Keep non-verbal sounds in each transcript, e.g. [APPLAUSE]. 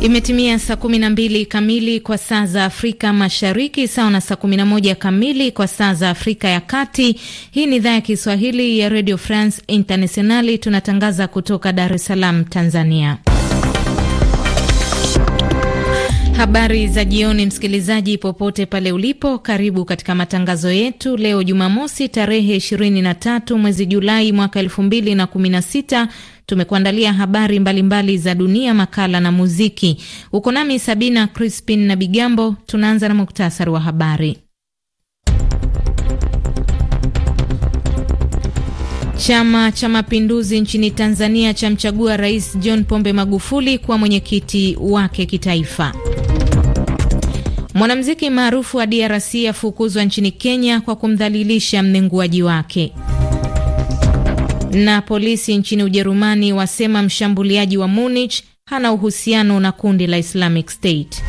Imetimia saa 12 kamili kwa saa za Afrika Mashariki, sawa na saa 11 kamili kwa saa za Afrika ya Kati. Hii ni idhaa ya Kiswahili ya Radio France Internationali, tunatangaza kutoka Dar es Salaam, Tanzania. Habari za jioni, msikilizaji, popote pale ulipo, karibu katika matangazo yetu leo Jumamosi tarehe 23 mwezi Julai mwaka 2016 Tumekuandalia habari mbalimbali mbali za dunia, makala na muziki. Uko nami Sabina Crispin na Bigambo. Tunaanza na muktasari wa habari. Chama cha Mapinduzi nchini Tanzania chamchagua Rais John Pombe Magufuli kuwa mwenyekiti wake kitaifa. Mwanamuziki maarufu wa DRC afukuzwa nchini Kenya kwa kumdhalilisha mnenguaji wake. Na polisi nchini Ujerumani wasema mshambuliaji wa Munich hana uhusiano na kundi la Islamic State.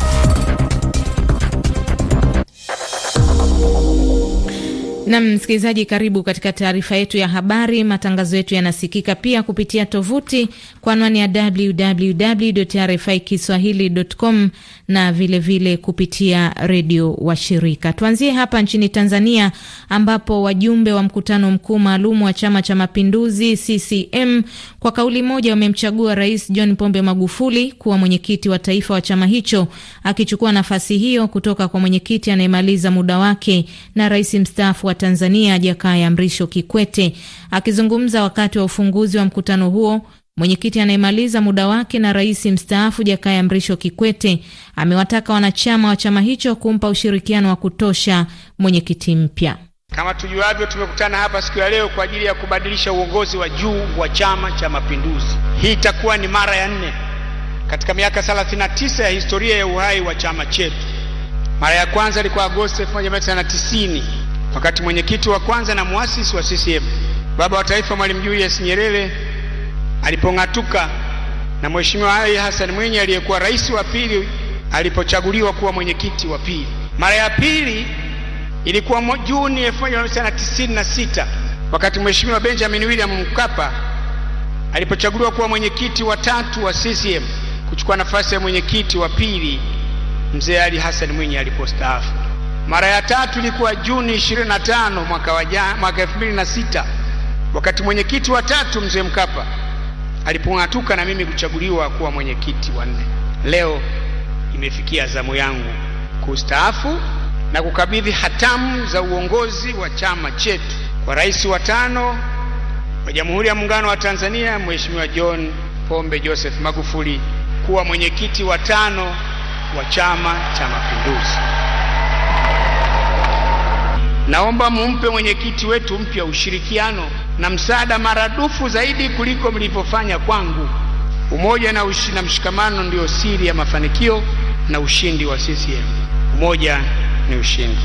Nam msikilizaji, karibu katika taarifa yetu ya habari. Matangazo yetu yanasikika pia kupitia tovuti kwa anwani ya www RFI kiswahili.com na vilevile vile kupitia redio wa shirika Tuanzie hapa nchini Tanzania, ambapo wajumbe wa mkutano mkuu maalum wa Chama cha Mapinduzi CCM kwa kauli moja wamemchagua Rais John Pombe Magufuli kuwa mwenyekiti wa taifa wa chama hicho, akichukua nafasi hiyo kutoka kwa mwenyekiti anayemaliza muda wake na rais mstaafu wa Tanzania Jakaya Mrisho Kikwete. Akizungumza wakati wa ufunguzi wa mkutano huo, mwenyekiti anayemaliza muda wake na rais mstaafu Jakaya Mrisho Kikwete amewataka wanachama wa chama hicho kumpa ushirikiano wa kutosha mwenyekiti mpya. Kama tujuavyo, tumekutana hapa siku ya leo kwa ajili ya kubadilisha uongozi wa juu wa Chama cha Mapinduzi. Hii itakuwa ni mara ya nne katika miaka 39 ya historia ya uhai wa chama chetu. Mara ya kwanza ilikuwa Agosti 1990 wakati mwenyekiti wa kwanza na muasisi wa CCM baba wa taifa Mwalimu Julius Nyerere alipong'atuka na Mheshimiwa Ali Hassan Mwinyi aliyekuwa rais wa pili alipochaguliwa kuwa mwenyekiti wa pili. Mara ya pili ilikuwa Juni 1996 wakati Mheshimiwa Benjamin William Mkapa alipochaguliwa kuwa mwenyekiti wa tatu wa CCM kuchukua nafasi ya mwenyekiti wa pili Mzee Ali Hassan Mwinyi alipostaafu. Mara ya tatu ilikuwa Juni 25 mwaka wa mwaka 2006 wakati mwenyekiti wa tatu mzee Mkapa alipong'atuka na mimi kuchaguliwa kuwa mwenyekiti wa nne. Leo imefikia zamu yangu kustaafu na kukabidhi hatamu za uongozi wa chama chetu kwa rais wa tano wa Jamhuri ya Muungano wa Tanzania Mheshimiwa John Pombe Joseph Magufuli kuwa mwenyekiti wa tano wa Chama cha Mapinduzi. Naomba mumpe mwenyekiti wetu mpya ushirikiano na msaada maradufu zaidi kuliko mlivyofanya kwangu. Umoja na, ushi, na mshikamano ndio siri ya mafanikio na ushindi wa CCM. Umoja ni ushindi.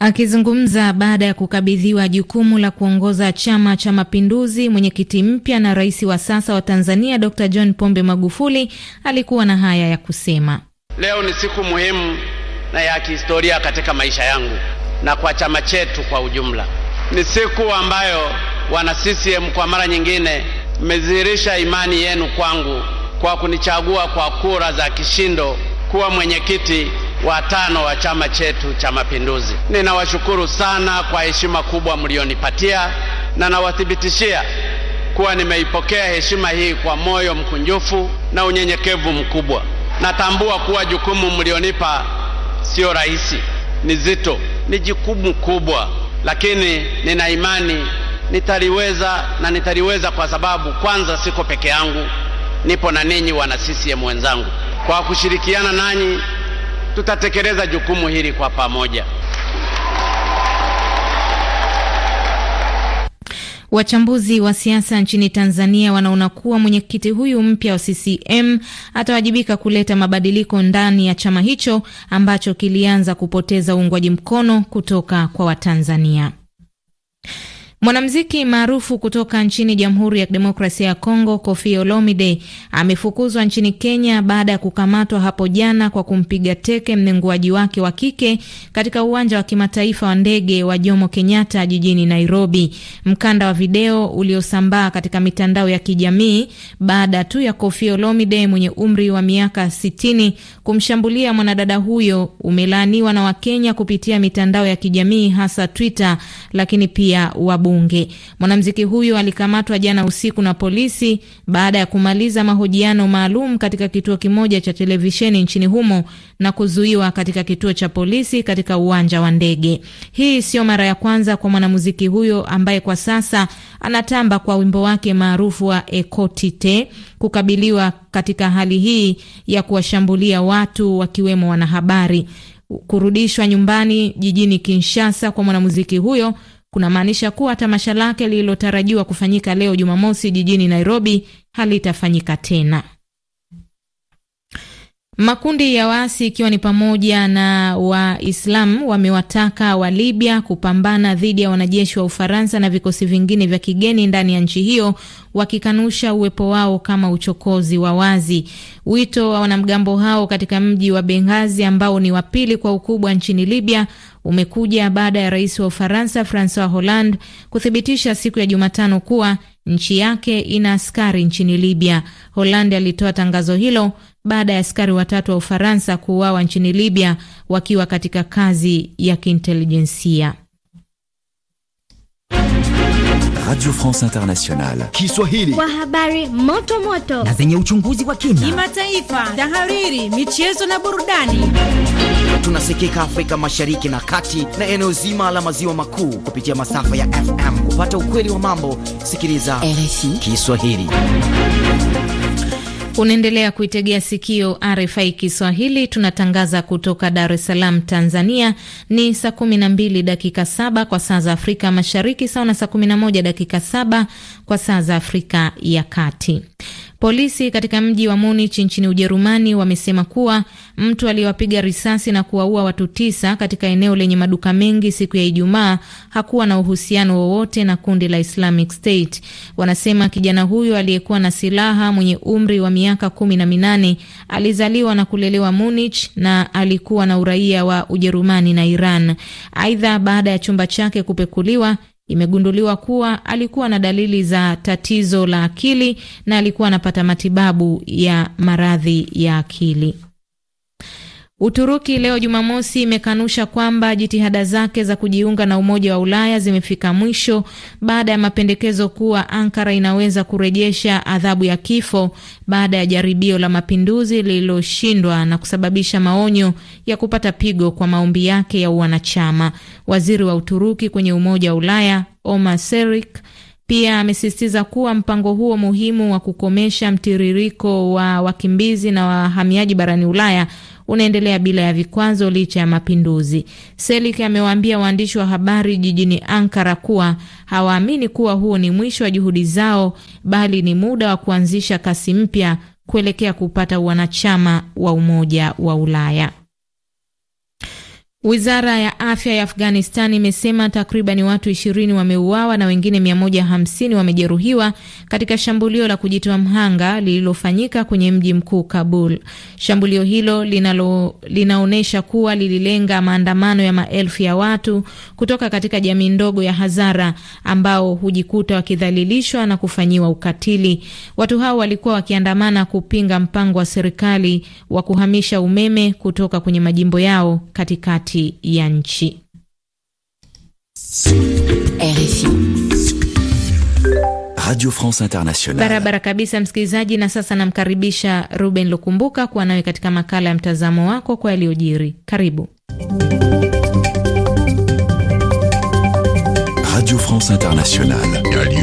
Akizungumza baada ya kukabidhiwa jukumu la kuongoza Chama cha Mapinduzi, mwenyekiti mpya na rais wa sasa wa Tanzania Dr. John Pombe Magufuli alikuwa na haya ya kusema. Leo ni siku muhimu na ya kihistoria katika maisha yangu na kwa chama chetu kwa ujumla. Ni siku ambayo wana CCM kwa mara nyingine mmedhihirisha imani yenu kwangu kwa kunichagua kwa kura za kishindo kuwa mwenyekiti wa tano wa chama chetu cha Mapinduzi. Ninawashukuru sana kwa heshima kubwa mlionipatia na nawathibitishia kuwa nimeipokea heshima hii kwa moyo mkunjufu na unyenyekevu mkubwa. Natambua kuwa jukumu mlionipa sio rahisi, ni zito, ni jukumu kubwa, lakini nina imani nitaliweza na nitaliweza kwa sababu kwanza, siko peke yangu, nipo na ninyi wana CCM wenzangu. Kwa kushirikiana nanyi, tutatekeleza jukumu hili kwa pamoja. Wachambuzi wa siasa nchini Tanzania wanaona kuwa mwenyekiti huyu mpya wa CCM atawajibika kuleta mabadiliko ndani ya chama hicho ambacho kilianza kupoteza uungwaji mkono kutoka kwa Watanzania. Mwanamuziki maarufu kutoka nchini Jamhuri ya Kidemokrasia ya Kongo, Kofi Olomide amefukuzwa nchini Kenya baada ya kukamatwa hapo jana kwa kumpiga teke mnenguaji wake wa kike katika uwanja wa kimataifa wa ndege wa Jomo Kenyatta jijini Nairobi. Mkanda wa video uliosambaa katika mitandao ya kijamii baada tu ya Kofi Olomide mwenye umri wa miaka 60 kumshambulia mwanadada huyo umelaaniwa na Wakenya kupitia mitandao ya kijamii hasa Twitter, lakini pia wabu bunge. Mwanamuziki huyo alikamatwa jana usiku na polisi baada ya kumaliza mahojiano maalum katika kituo kimoja cha televisheni nchini humo na kuzuiwa katika kituo cha polisi katika uwanja wa ndege. Hii sio mara ya kwanza kwa mwanamuziki huyo ambaye kwa sasa anatamba kwa wimbo wake maarufu wa Ekotite kukabiliwa katika hali hii ya kuwashambulia watu wakiwemo wanahabari. Kurudishwa nyumbani jijini Kinshasa kwa mwanamuziki huyo kunamaanisha kuwa tamasha lake lililotarajiwa kufanyika leo Jumamosi jijini Nairobi halitafanyika tena. Makundi ya waasi ikiwa ni pamoja na Waislamu wamewataka wa Libya kupambana dhidi ya wanajeshi wa Ufaransa na vikosi vingine vya kigeni ndani ya nchi hiyo, wakikanusha uwepo wao kama uchokozi wa wazi. Wito wa wanamgambo hao katika mji wa Benghazi ambao ni wa pili kwa ukubwa nchini Libya umekuja baada ya rais wa Ufaransa Francois Hollande kuthibitisha siku ya Jumatano kuwa nchi yake ina askari nchini Libya. Hollande alitoa tangazo hilo baada ya askari watatu wa Ufaransa kuuawa nchini Libya wakiwa katika kazi ya kiintelijensia. Radio France Internationale Kiswahili kwa habari moto moto na zenye uchunguzi wa kina, kimataifa, tahariri, michezo na burudani. Tunasikika Afrika Mashariki na Kati na eneo zima la maziwa makuu kupitia masafa ya FM. Kupata ukweli wa mambo, sikiliza RFI Kiswahili. Unaendelea kuitegea sikio RFI Kiswahili, tunatangaza kutoka Dar es Salaam, Tanzania. Ni saa 12 dakika saba kwa saa za Afrika Mashariki, sawa na saa 11 dakika saba kwa saa za Afrika ya Kati. Polisi katika mji wa Munich nchini Ujerumani wamesema kuwa mtu aliyewapiga risasi na kuwaua watu tisa katika eneo lenye maduka mengi siku ya Ijumaa hakuwa na uhusiano wowote na kundi la Islamic State. Wanasema kijana huyo aliyekuwa na silaha mwenye umri wa miaka kumi na minane alizaliwa na kulelewa Munich na alikuwa na uraia wa Ujerumani na Iran. Aidha, baada ya chumba chake kupekuliwa imegunduliwa kuwa alikuwa na dalili za tatizo la akili na alikuwa anapata matibabu ya maradhi ya akili. Uturuki leo Jumamosi imekanusha kwamba jitihada zake za kujiunga na Umoja wa Ulaya zimefika mwisho baada ya mapendekezo kuwa Ankara inaweza kurejesha adhabu ya kifo baada ya jaribio la mapinduzi lililoshindwa na kusababisha maonyo ya kupata pigo kwa maombi yake ya uwanachama. Waziri wa Uturuki kwenye Umoja wa Ulaya Omar Serik pia amesisitiza kuwa mpango huo muhimu wa kukomesha mtiririko wa wakimbizi na wahamiaji barani Ulaya unaendelea bila ya vikwazo licha ya mapinduzi. Selik amewaambia waandishi wa habari jijini Ankara kuwa hawaamini kuwa huo ni mwisho wa juhudi zao, bali ni muda wa kuanzisha kasi mpya kuelekea kupata wanachama wa Umoja wa Ulaya. Wizara ya afya ya Afghanistan imesema takriban watu ishirini wameuawa na wengine 150 wamejeruhiwa katika shambulio la kujitoa mhanga lililofanyika kwenye mji mkuu Kabul. Shambulio hilo linalo, linaonyesha kuwa lililenga maandamano ya maelfu ya watu kutoka katika jamii ndogo ya Hazara ambao hujikuta wakidhalilishwa na kufanyiwa ukatili. Watu hao walikuwa wakiandamana kupinga mpango wa serikali wa kuhamisha umeme kutoka kwenye majimbo yao katikati bajeti ya nchi. RFI Radio France Internationale. Barabara kabisa msikilizaji, na sasa namkaribisha Ruben Lukumbuka kuwa nawe katika makala ya mtazamo wako kwa yaliyojiri. Karibu Radio France Internationale.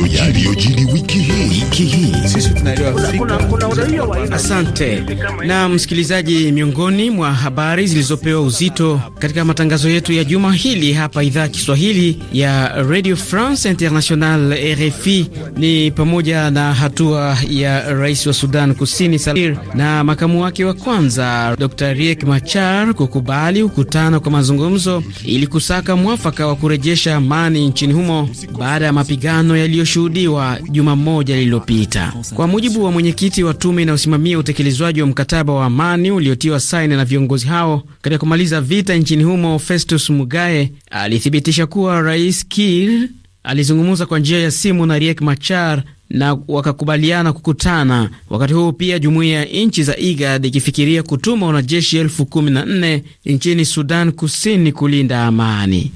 Yaliyojiri wiki hii. wiki hii sisi tunaelewa Afrika. Asante. Na msikilizaji, miongoni mwa habari zilizopewa uzito katika matangazo yetu ya juma hili hapa idhaa Kiswahili ya Radio France International RFI ni pamoja na hatua ya rais wa Sudan Kusini Salir na makamu wake wa kwanza Dr. Riek Machar kukubali kukutana kwa mazungumzo ili kusaka mwafaka wa kurejesha amani nchini humo baada ya mapigano yaliyoshuhudiwa juma moja lililopita. Kwa mujibu wa mwenyekiti wa tume inayosimamia utekelezwaji wa mkataba wa amani uliotiwa saini na viongozi hao katika kumaliza vita nchini humo, Festus Mugae alithibitisha kuwa Rais Kiir alizungumza kwa njia ya simu na Riek Machar na wakakubaliana kukutana. Wakati huo pia, jumuiya ya nchi za IGAD ikifikiria kutuma wanajeshi elfu kumi na nne nchini Sudan Kusini kulinda amani.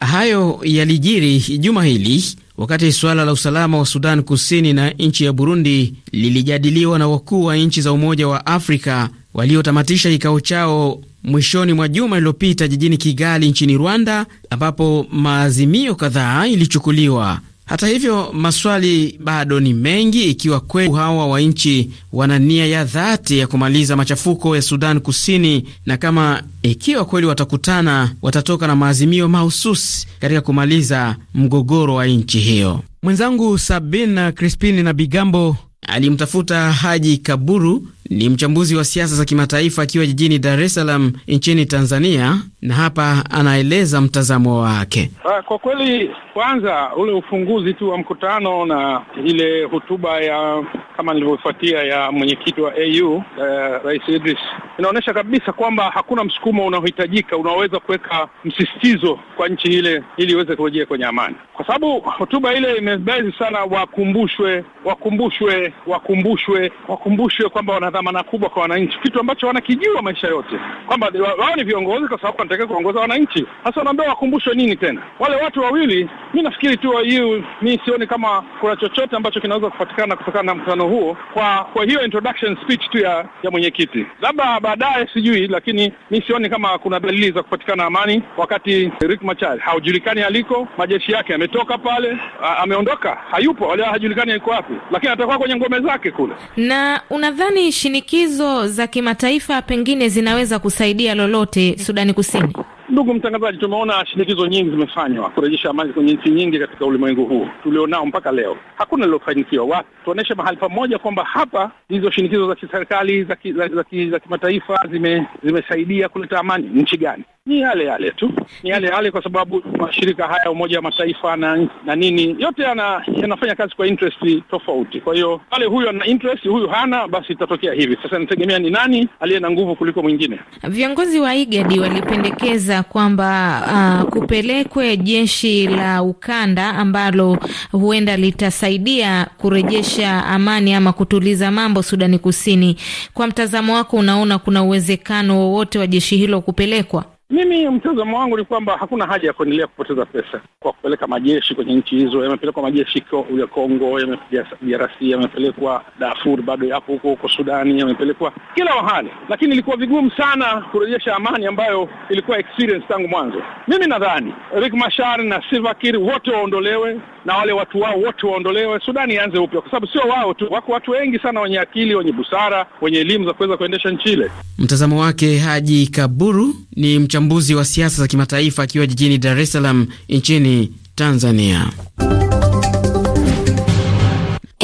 Hayo yalijiri juma hili wakati suala la usalama wa Sudan Kusini na nchi ya Burundi lilijadiliwa na wakuu wa nchi za Umoja wa Afrika waliotamatisha kikao chao mwishoni mwa juma lililopita jijini Kigali nchini Rwanda, ambapo maazimio kadhaa ilichukuliwa. Hata hivyo maswali bado ni mengi, ikiwa kweli hawa wa nchi wana nia ya dhati ya kumaliza machafuko ya Sudan Kusini, na kama ikiwa kweli watakutana, watatoka na maazimio mahususi katika kumaliza mgogoro wa nchi hiyo. Mwenzangu Sabina Crispini na Bigambo alimtafuta Haji Kaburu ni mchambuzi wa siasa za kimataifa akiwa jijini Dar es Salaam nchini Tanzania, na hapa anaeleza mtazamo wake. Kwa kweli, kwanza ule ufunguzi tu wa mkutano na ile hotuba ya kama nilivyofuatia ya mwenyekiti wa AU uh, eh, Rais Idris inaonyesha kabisa kwamba hakuna msukumo unaohitajika unaoweza kuweka msisitizo kwa nchi ile ili iweze kurejea kwenye amani, kwa sababu hotuba ile imebezi sana, wakumbushwe, wakumbushwe, wakumbushwe, wakumbushwe kwamba wana dhamana kubwa kwa wananchi, kitu ambacho wanakijua maisha yote kwamba wao ni viongozi, kwa sababu wanatakiwa kuongoza wananchi. Sasa wanaambia wakumbushwe nini tena? Wale watu wawili, mi nafikiri tu hiyo, mi sioni kama kuna chochote ambacho kinaweza kupatikana kutokana na mkutano huo, kwa kwa hiyo introduction speech tu ya ya mwenyekiti, labda baadaye, sijui, lakini mi sioni kama kuna dalili za kupatikana amani, wakati Rick Machar haujulikani aliko, majeshi yake yametoka pale, ameondoka, hayupo, wala hajulikani yuko wapi, lakini atakuwa kwenye ngome zake kule. Na unadhani shinikizo za kimataifa pengine zinaweza kusaidia lolote Sudani Kusini? Ndugu mtangazaji, tumeona shinikizo nyingi zimefanywa kurejesha amani kwenye nchi nyingi katika ulimwengu huu tulionao mpaka leo, hakuna lilofanikiwa. Watu tuonyeshe mahali pamoja kwamba hapa hizo shinikizo za kiserikali za kimataifa ki, ki zime, zimesaidia kuleta amani. Nchi gani? Ni yale yale tu, ni yale yale, kwa sababu mashirika haya Umoja wa Mataifa na, na nini yote yanafanya kazi kwa interest tofauti. Kwa hiyo pale huyu ana interest, huyu hana, basi itatokea hivi. Sasa inategemea ni nani aliye na nguvu kuliko mwingine. Viongozi wa IGAD walipendekeza kueleza kwamba uh, kupelekwe jeshi la ukanda ambalo huenda litasaidia kurejesha amani ama kutuliza mambo Sudani Kusini. Kwa mtazamo wako, unaona kuna uwezekano wowote wa jeshi hilo kupelekwa? Mimi mtazamo wangu ni kwamba hakuna haja ya kuendelea kupoteza pesa kwa kupeleka majeshi kwenye nchi hizo. Yamepelekwa majeshi ya Kongo, DRC yamepelekwa Darfur, bado yapo huko huko Sudani, yamepelekwa kila mahali, lakini ilikuwa vigumu sana kurejesha amani ambayo ilikuwa experience tangu mwanzo. Mimi nadhani Riek Machar na Salva Kiir wote waondolewe na wale watu wao wote waondolewe, Sudani ianze upya, kwa sababu sio wao tu, wako watu wengi sana wenye akili, wenye busara, wenye elimu za kuweza kuendesha nchi ile. Mtazamo wake Haji Kaburu ni mch mchambuzi wa siasa za kimataifa akiwa jijini Dar es Salaam nchini Tanzania.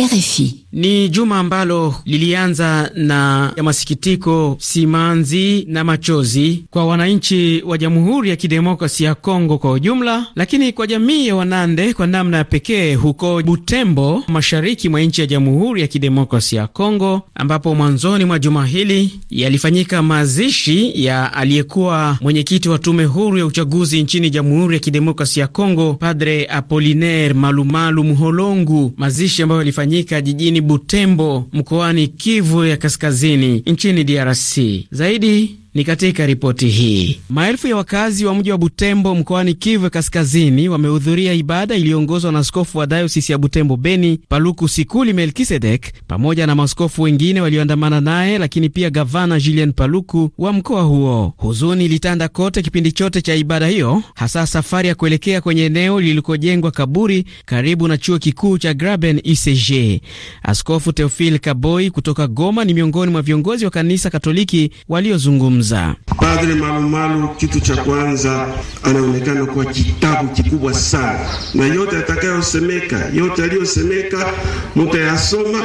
RFI. Ni juma ambalo lilianza na ya masikitiko, simanzi na machozi kwa wananchi wa Jamhuri ya Kidemokrasi ya Kongo kwa ujumla, lakini kwa jamii ya Wanande kwa namna ya pekee huko Butembo, mashariki mwa nchi ya Jamhuri ya Kidemokrasi ya Kongo, ambapo mwanzoni mwa juma hili yalifanyika mazishi ya aliyekuwa mwenyekiti wa tume huru ya uchaguzi nchini Jamhuri ya Kidemokrasi ya Kongo, Padre Apolinaire Malumalu Muholongu, mazishi ambayo yalifanyika kufanyika jijini Butembo mkoani Kivu ya Kaskazini nchini DRC. Zaidi ni katika ripoti hii. Maelfu ya wakazi wa mji wa Butembo mkoani Kivu Kaskazini wamehudhuria ibada iliyoongozwa na askofu wa dayosisi ya Butembo Beni, Paluku Sikuli Melkisedek, pamoja na maskofu wengine walioandamana naye, lakini pia gavana Julien Paluku wa mkoa huo. Huzuni ilitanda kote kipindi chote cha ibada hiyo, hasa safari ya kuelekea kwenye eneo lilikojengwa kaburi karibu na chuo kikuu cha Graben ICG. Askofu Teofil Kaboi kutoka Goma ni miongoni mwa viongozi wa kanisa Katoliki waliozungumza kuzungumza. Padre Malu Malu, kitu cha kwanza, anaonekana kuwa kitabu kikubwa sana, na yote atakayosemeka, yote aliyosemeka mutayasoma,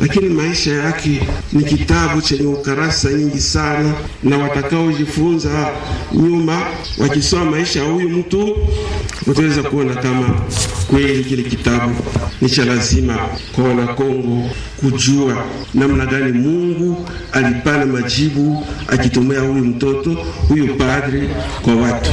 lakini maisha yake ni kitabu chenye ukarasa nyingi sana, na watakaojifunza nyuma wakisoma maisha ya huyu mtu wataweza kuona kama kweli kile kitabu ni cha lazima kwa Wanakongo kujua namna gani Mungu alipana majibu akito kumtumia huyu mtoto huyu padri kwa watu.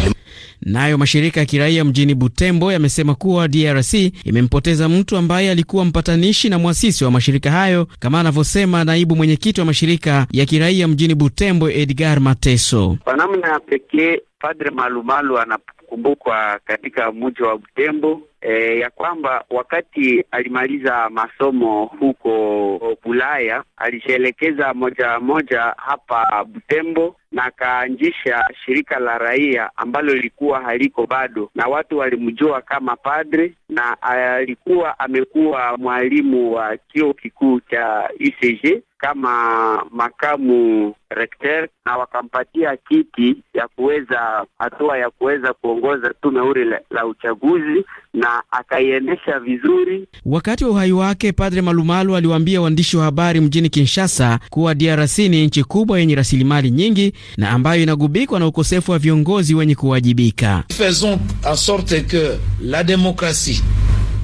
Nayo mashirika ya kiraia mjini Butembo yamesema kuwa DRC imempoteza mtu ambaye alikuwa mpatanishi na mwasisi wa mashirika hayo, kama anavyosema naibu mwenyekiti wa mashirika ya kiraia mjini Butembo, Edgar Mateso. Kwa namna ya pekee, Padre Malumalu anakumbukwa katika mji wa Butembo e, ya kwamba wakati alimaliza masomo huko Bulaya alishaelekeza moja moja hapa Butembo na akaanzisha shirika la raia ambalo lilikuwa haliko bado, na watu walimjua kama padre, na alikuwa amekuwa mwalimu wa kio kikuu cha UCG kama makamu rekter, na wakampatia kiti ya kuweza hatua ya kuweza kuongoza tume huru la, la uchaguzi na na akaiendesha vizuri. Wakati wa uhai wake, Padre Malumalu aliwaambia waandishi wa habari mjini Kinshasa kuwa DRC ni nchi kubwa yenye rasilimali nyingi na ambayo inagubikwa na ukosefu wa viongozi wenye kuwajibika. Faisons en sorte que la démocratie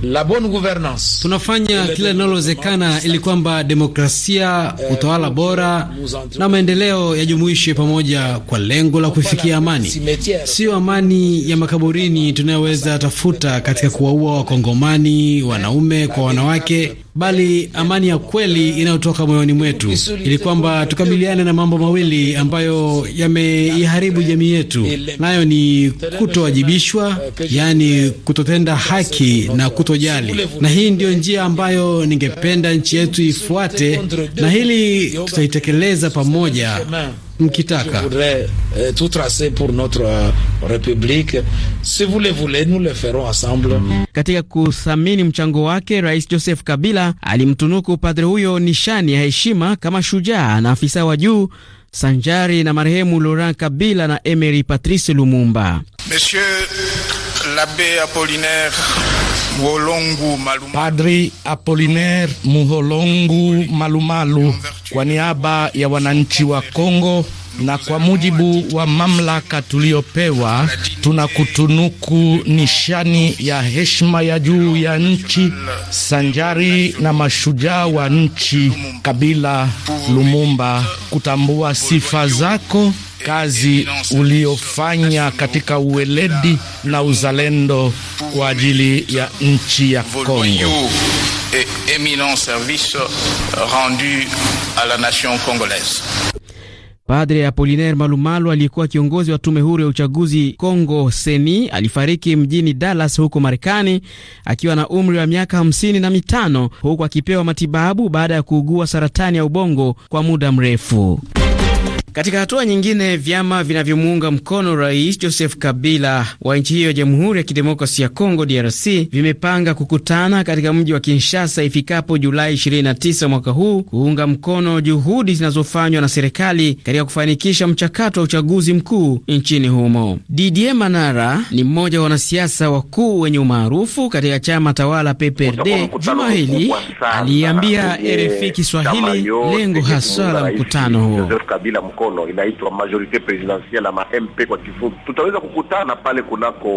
la bonne gouvernance. Tunafanya kila linalowezekana ili kwamba demokrasia, eh, utawala bora na maendeleo yajumuishwe pamoja kwa lengo la kuifikia amani. Siyo amani ya makaburini tunayoweza tafuta katika kuwaua wakongomani wanaume kwa wanawake bali amani ya kweli inayotoka moyoni mwetu, ili kwamba tukabiliane na mambo mawili ambayo yameiharibu jamii yetu, nayo ni kutowajibishwa, yaani kutotenda haki na kutojali. Na hii ndiyo njia ambayo ningependa nchi yetu ifuate, na hili tutaitekeleza pamoja mkitaka. Je voudrais euh, tout tracer pour notre euh, republique. Si vous le voulez, nous le ferons ensemble. Katika kuthamini mchango wake, Rais Joseph Kabila alimtunuku padre huyo nishani ya heshima kama shujaa na afisa wa juu sanjari na marehemu Laurent Kabila na Emery Patrice Lumumba. Monsieur l'Abbé Apollinaire Muholongu Malumalu. Padri Apolinaire Muholongu Malumalu kwa niaba ya wananchi wa Kongo na kwa mujibu wa mamlaka tuliyopewa, tunakutunuku nishani ya heshima ya juu ya nchi sanjari na mashujaa wa nchi Kabila Lumumba, kutambua sifa zako kazi uliofanya katika uweledi na uzalendo kwa ajili ya nchi ya Kongo. Padre Apolinaire Malumalu aliyekuwa kiongozi wa tume huru ya uchaguzi Kongo Seni alifariki mjini Dallas huko Marekani akiwa na umri wa miaka hamsini na mitano huku akipewa matibabu baada ya kuugua saratani ya ubongo kwa muda mrefu. Katika hatua nyingine, vyama vinavyomuunga mkono rais Joseph Kabila wa nchi hiyo ya Jamhuri ya Kidemokrasi ya Kongo, DRC, vimepanga kukutana katika mji wa Kinshasa ifikapo Julai 29 mwaka huu kuunga mkono juhudi zinazofanywa na serikali katika kufanikisha mchakato wa uchaguzi mkuu nchini humo. Didier Manara ni mmoja wa wanasiasa wakuu wenye umaarufu katika chama tawala PPRD. Juma hili aliambia RFI Kiswahili lengo haswa la mkutano huo mkono inaitwa majorite presidentielle ama MP kwa kifupi. Tutaweza kukutana pale kunako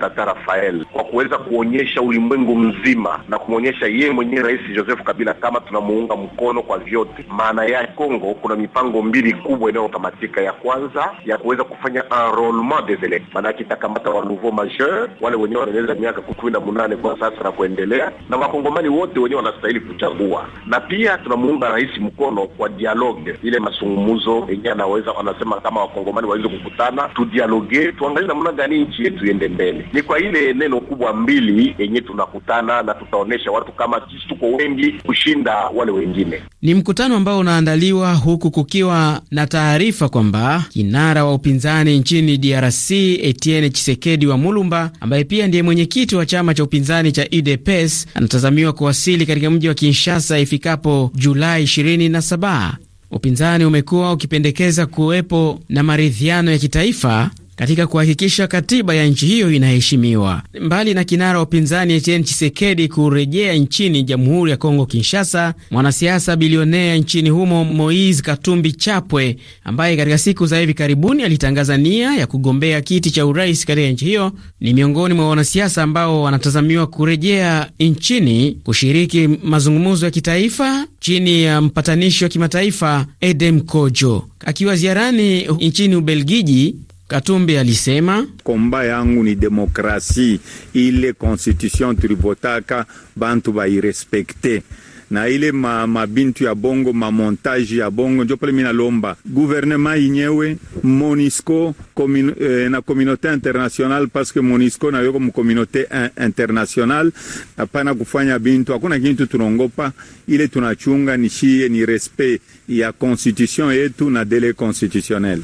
Tata Rafael kwa kuweza kuonyesha ulimwengu mzima na kumwonyesha yeye mwenyewe Rais Joseph Kabila kama tunamuunga mkono kwa vyote. Maana ya Kongo kuna mipango mbili kubwa inayotamatika, ya kwanza ya kuweza kufanya enrolement des electeurs, maanake itakamata wa nouveau majeur wale wenyewe wanaeleza miaka kumi na munane kwa sasa na kuendelea, na wakongomani wote wenyewe wanastahili kuchagua, na pia tunamuunga rais mkono kwa dialogue ile mazungumzo mazungumzo yenyewe anaweza wanasema kama wakongomani waweze kukutana, tudialoge, tuangalie namna gani nchi yetu iende mbele. Ni kwa ile neno kubwa mbili yenye tunakutana na tutaonesha watu kama sisi tuko wengi kushinda wale wengine. Ni mkutano ambao unaandaliwa huku kukiwa na taarifa kwamba kinara wa upinzani nchini DRC Etienne chisekedi wa Mulumba, ambaye pia ndiye mwenyekiti wa chama cha upinzani cha UDPS, anatazamiwa kuwasili katika mji wa Kinshasa ifikapo Julai 27. Upinzani umekuwa ukipendekeza kuwepo na maridhiano ya kitaifa katika kuhakikisha katiba ya nchi hiyo inaheshimiwa. Mbali na kinara wa upinzani Etienne chisekedi kurejea nchini Jamhuri ya Kongo Kinshasa, mwanasiasa bilionea nchini humo Moise Katumbi Chapwe, ambaye katika siku za hivi karibuni alitangaza nia ya kugombea kiti cha urais katika nchi hiyo, ni miongoni mwa wanasiasa ambao wanatazamiwa kurejea nchini kushiriki mazungumzo ya kitaifa chini ya mpatanishi wa kimataifa Edem Kojo. Akiwa ziarani nchini Ubelgiji, Katumbi alisema komba yangu ni demokrasi, ile constitution tulivotaka bantu bairespekte na ile ma, mabintu ya bongo mamontaji ya bongo njo pale mina lomba guvernema inyewe Monisco komin, eh, na komunote international paske Monisco na mukomunote international apana kufanya bintu hakuna kintu tunongopa, ile tunachunga nishie ni respect ya constitution yetu na dele constitutionnel.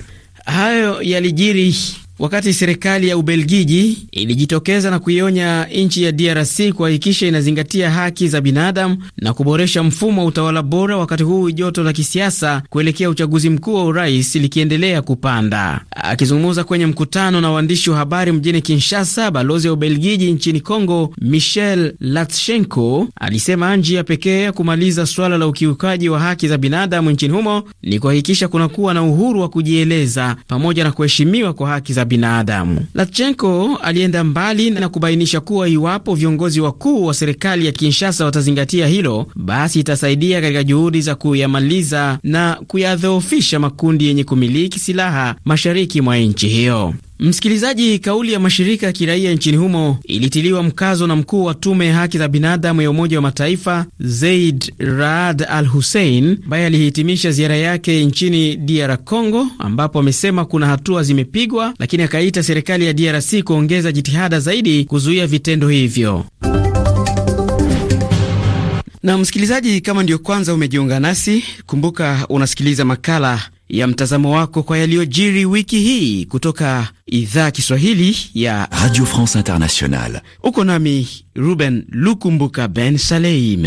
Hayo yalijiri wakati serikali ya Ubelgiji ilijitokeza na kuionya nchi ya DRC kuhakikisha inazingatia haki za binadamu na kuboresha mfumo wa utawala bora, wakati huu joto la kisiasa kuelekea uchaguzi mkuu wa urais likiendelea kupanda. Akizungumza kwenye mkutano na waandishi wa habari mjini Kinshasa, balozi wa Ubelgiji nchini Kongo Michel Latshenko alisema njia pekee ya kumaliza suala la ukiukaji wa haki za binadamu nchini humo ni kuhakikisha kunakuwa na uhuru wa kujieleza pamoja na kuheshimiwa kwa haki za binadamu. Latchenko alienda mbali na kubainisha kuwa iwapo viongozi wakuu wa serikali ya Kinshasa watazingatia hilo, basi itasaidia katika juhudi za kuyamaliza na kuyadhoofisha makundi yenye kumiliki silaha mashariki mwa nchi hiyo. Msikilizaji, kauli ya mashirika ya kiraia nchini humo ilitiliwa mkazo na mkuu wa tume ya haki za binadamu ya Umoja wa Mataifa Zaid Raad Al Hussein ambaye alihitimisha ziara yake nchini DR Congo, ambapo amesema kuna hatua zimepigwa, lakini akaita serikali ya DRC kuongeza jitihada zaidi kuzuia vitendo hivyo. Na msikilizaji, kama ndiyo kwanza umejiunga nasi, kumbuka unasikiliza makala ya mtazamo wako kwa yaliyojiri wiki hii kutoka idhaa Kiswahili ya Radio France Internationale. Uko nami Ruben Lukumbuka Ben Saleim.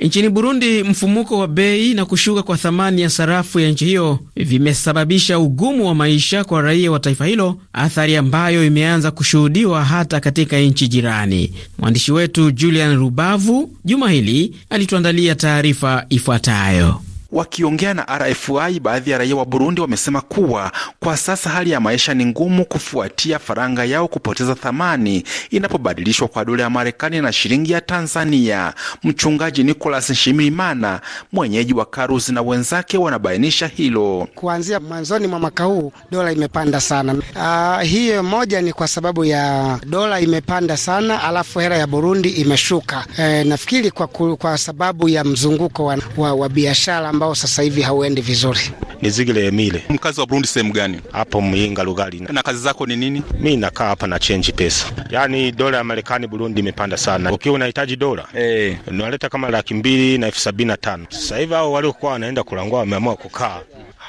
Nchini Burundi, mfumuko wa bei na kushuka kwa thamani ya sarafu ya nchi hiyo vimesababisha ugumu wa maisha kwa raia wa taifa hilo, athari ambayo imeanza kushuhudiwa hata katika nchi jirani. Mwandishi wetu Julian Rubavu juma hili alituandalia taarifa ifuatayo. Wakiongea na RFI, baadhi ya raia wa Burundi wamesema kuwa kwa sasa hali ya maisha ni ngumu kufuatia faranga yao kupoteza thamani inapobadilishwa kwa dola ya Marekani na shilingi ya Tanzania. Mchungaji Nicolas Nshimirimana, mwenyeji wa Karuzi, na wenzake wanabainisha hilo. Kuanzia mwanzoni mwa mwaka huu dola imepanda sana. Uh, hiyo moja ni kwa sababu ya dola imepanda sana, alafu hela ya Burundi imeshuka. E, nafikiri kwa, kwa sababu ya mzunguko wa, wa, wa biashara ambao sasa hivi hauendi vizuri. Ni Zigile Emile, mkazi wa Burundi. Sehemu gani? Hapo Muyinga Lugali. Na kazi zako ni nini? Mi nakaa hapa na change pesa, yaani dola ya Marekani Burundi imepanda sana. Ukiwa unahitaji dola hey, eh. unaleta kama laki mbili na elfu sabini na tano sasa hivi. Hao waliokuwa wanaenda kulangua wameamua kukaa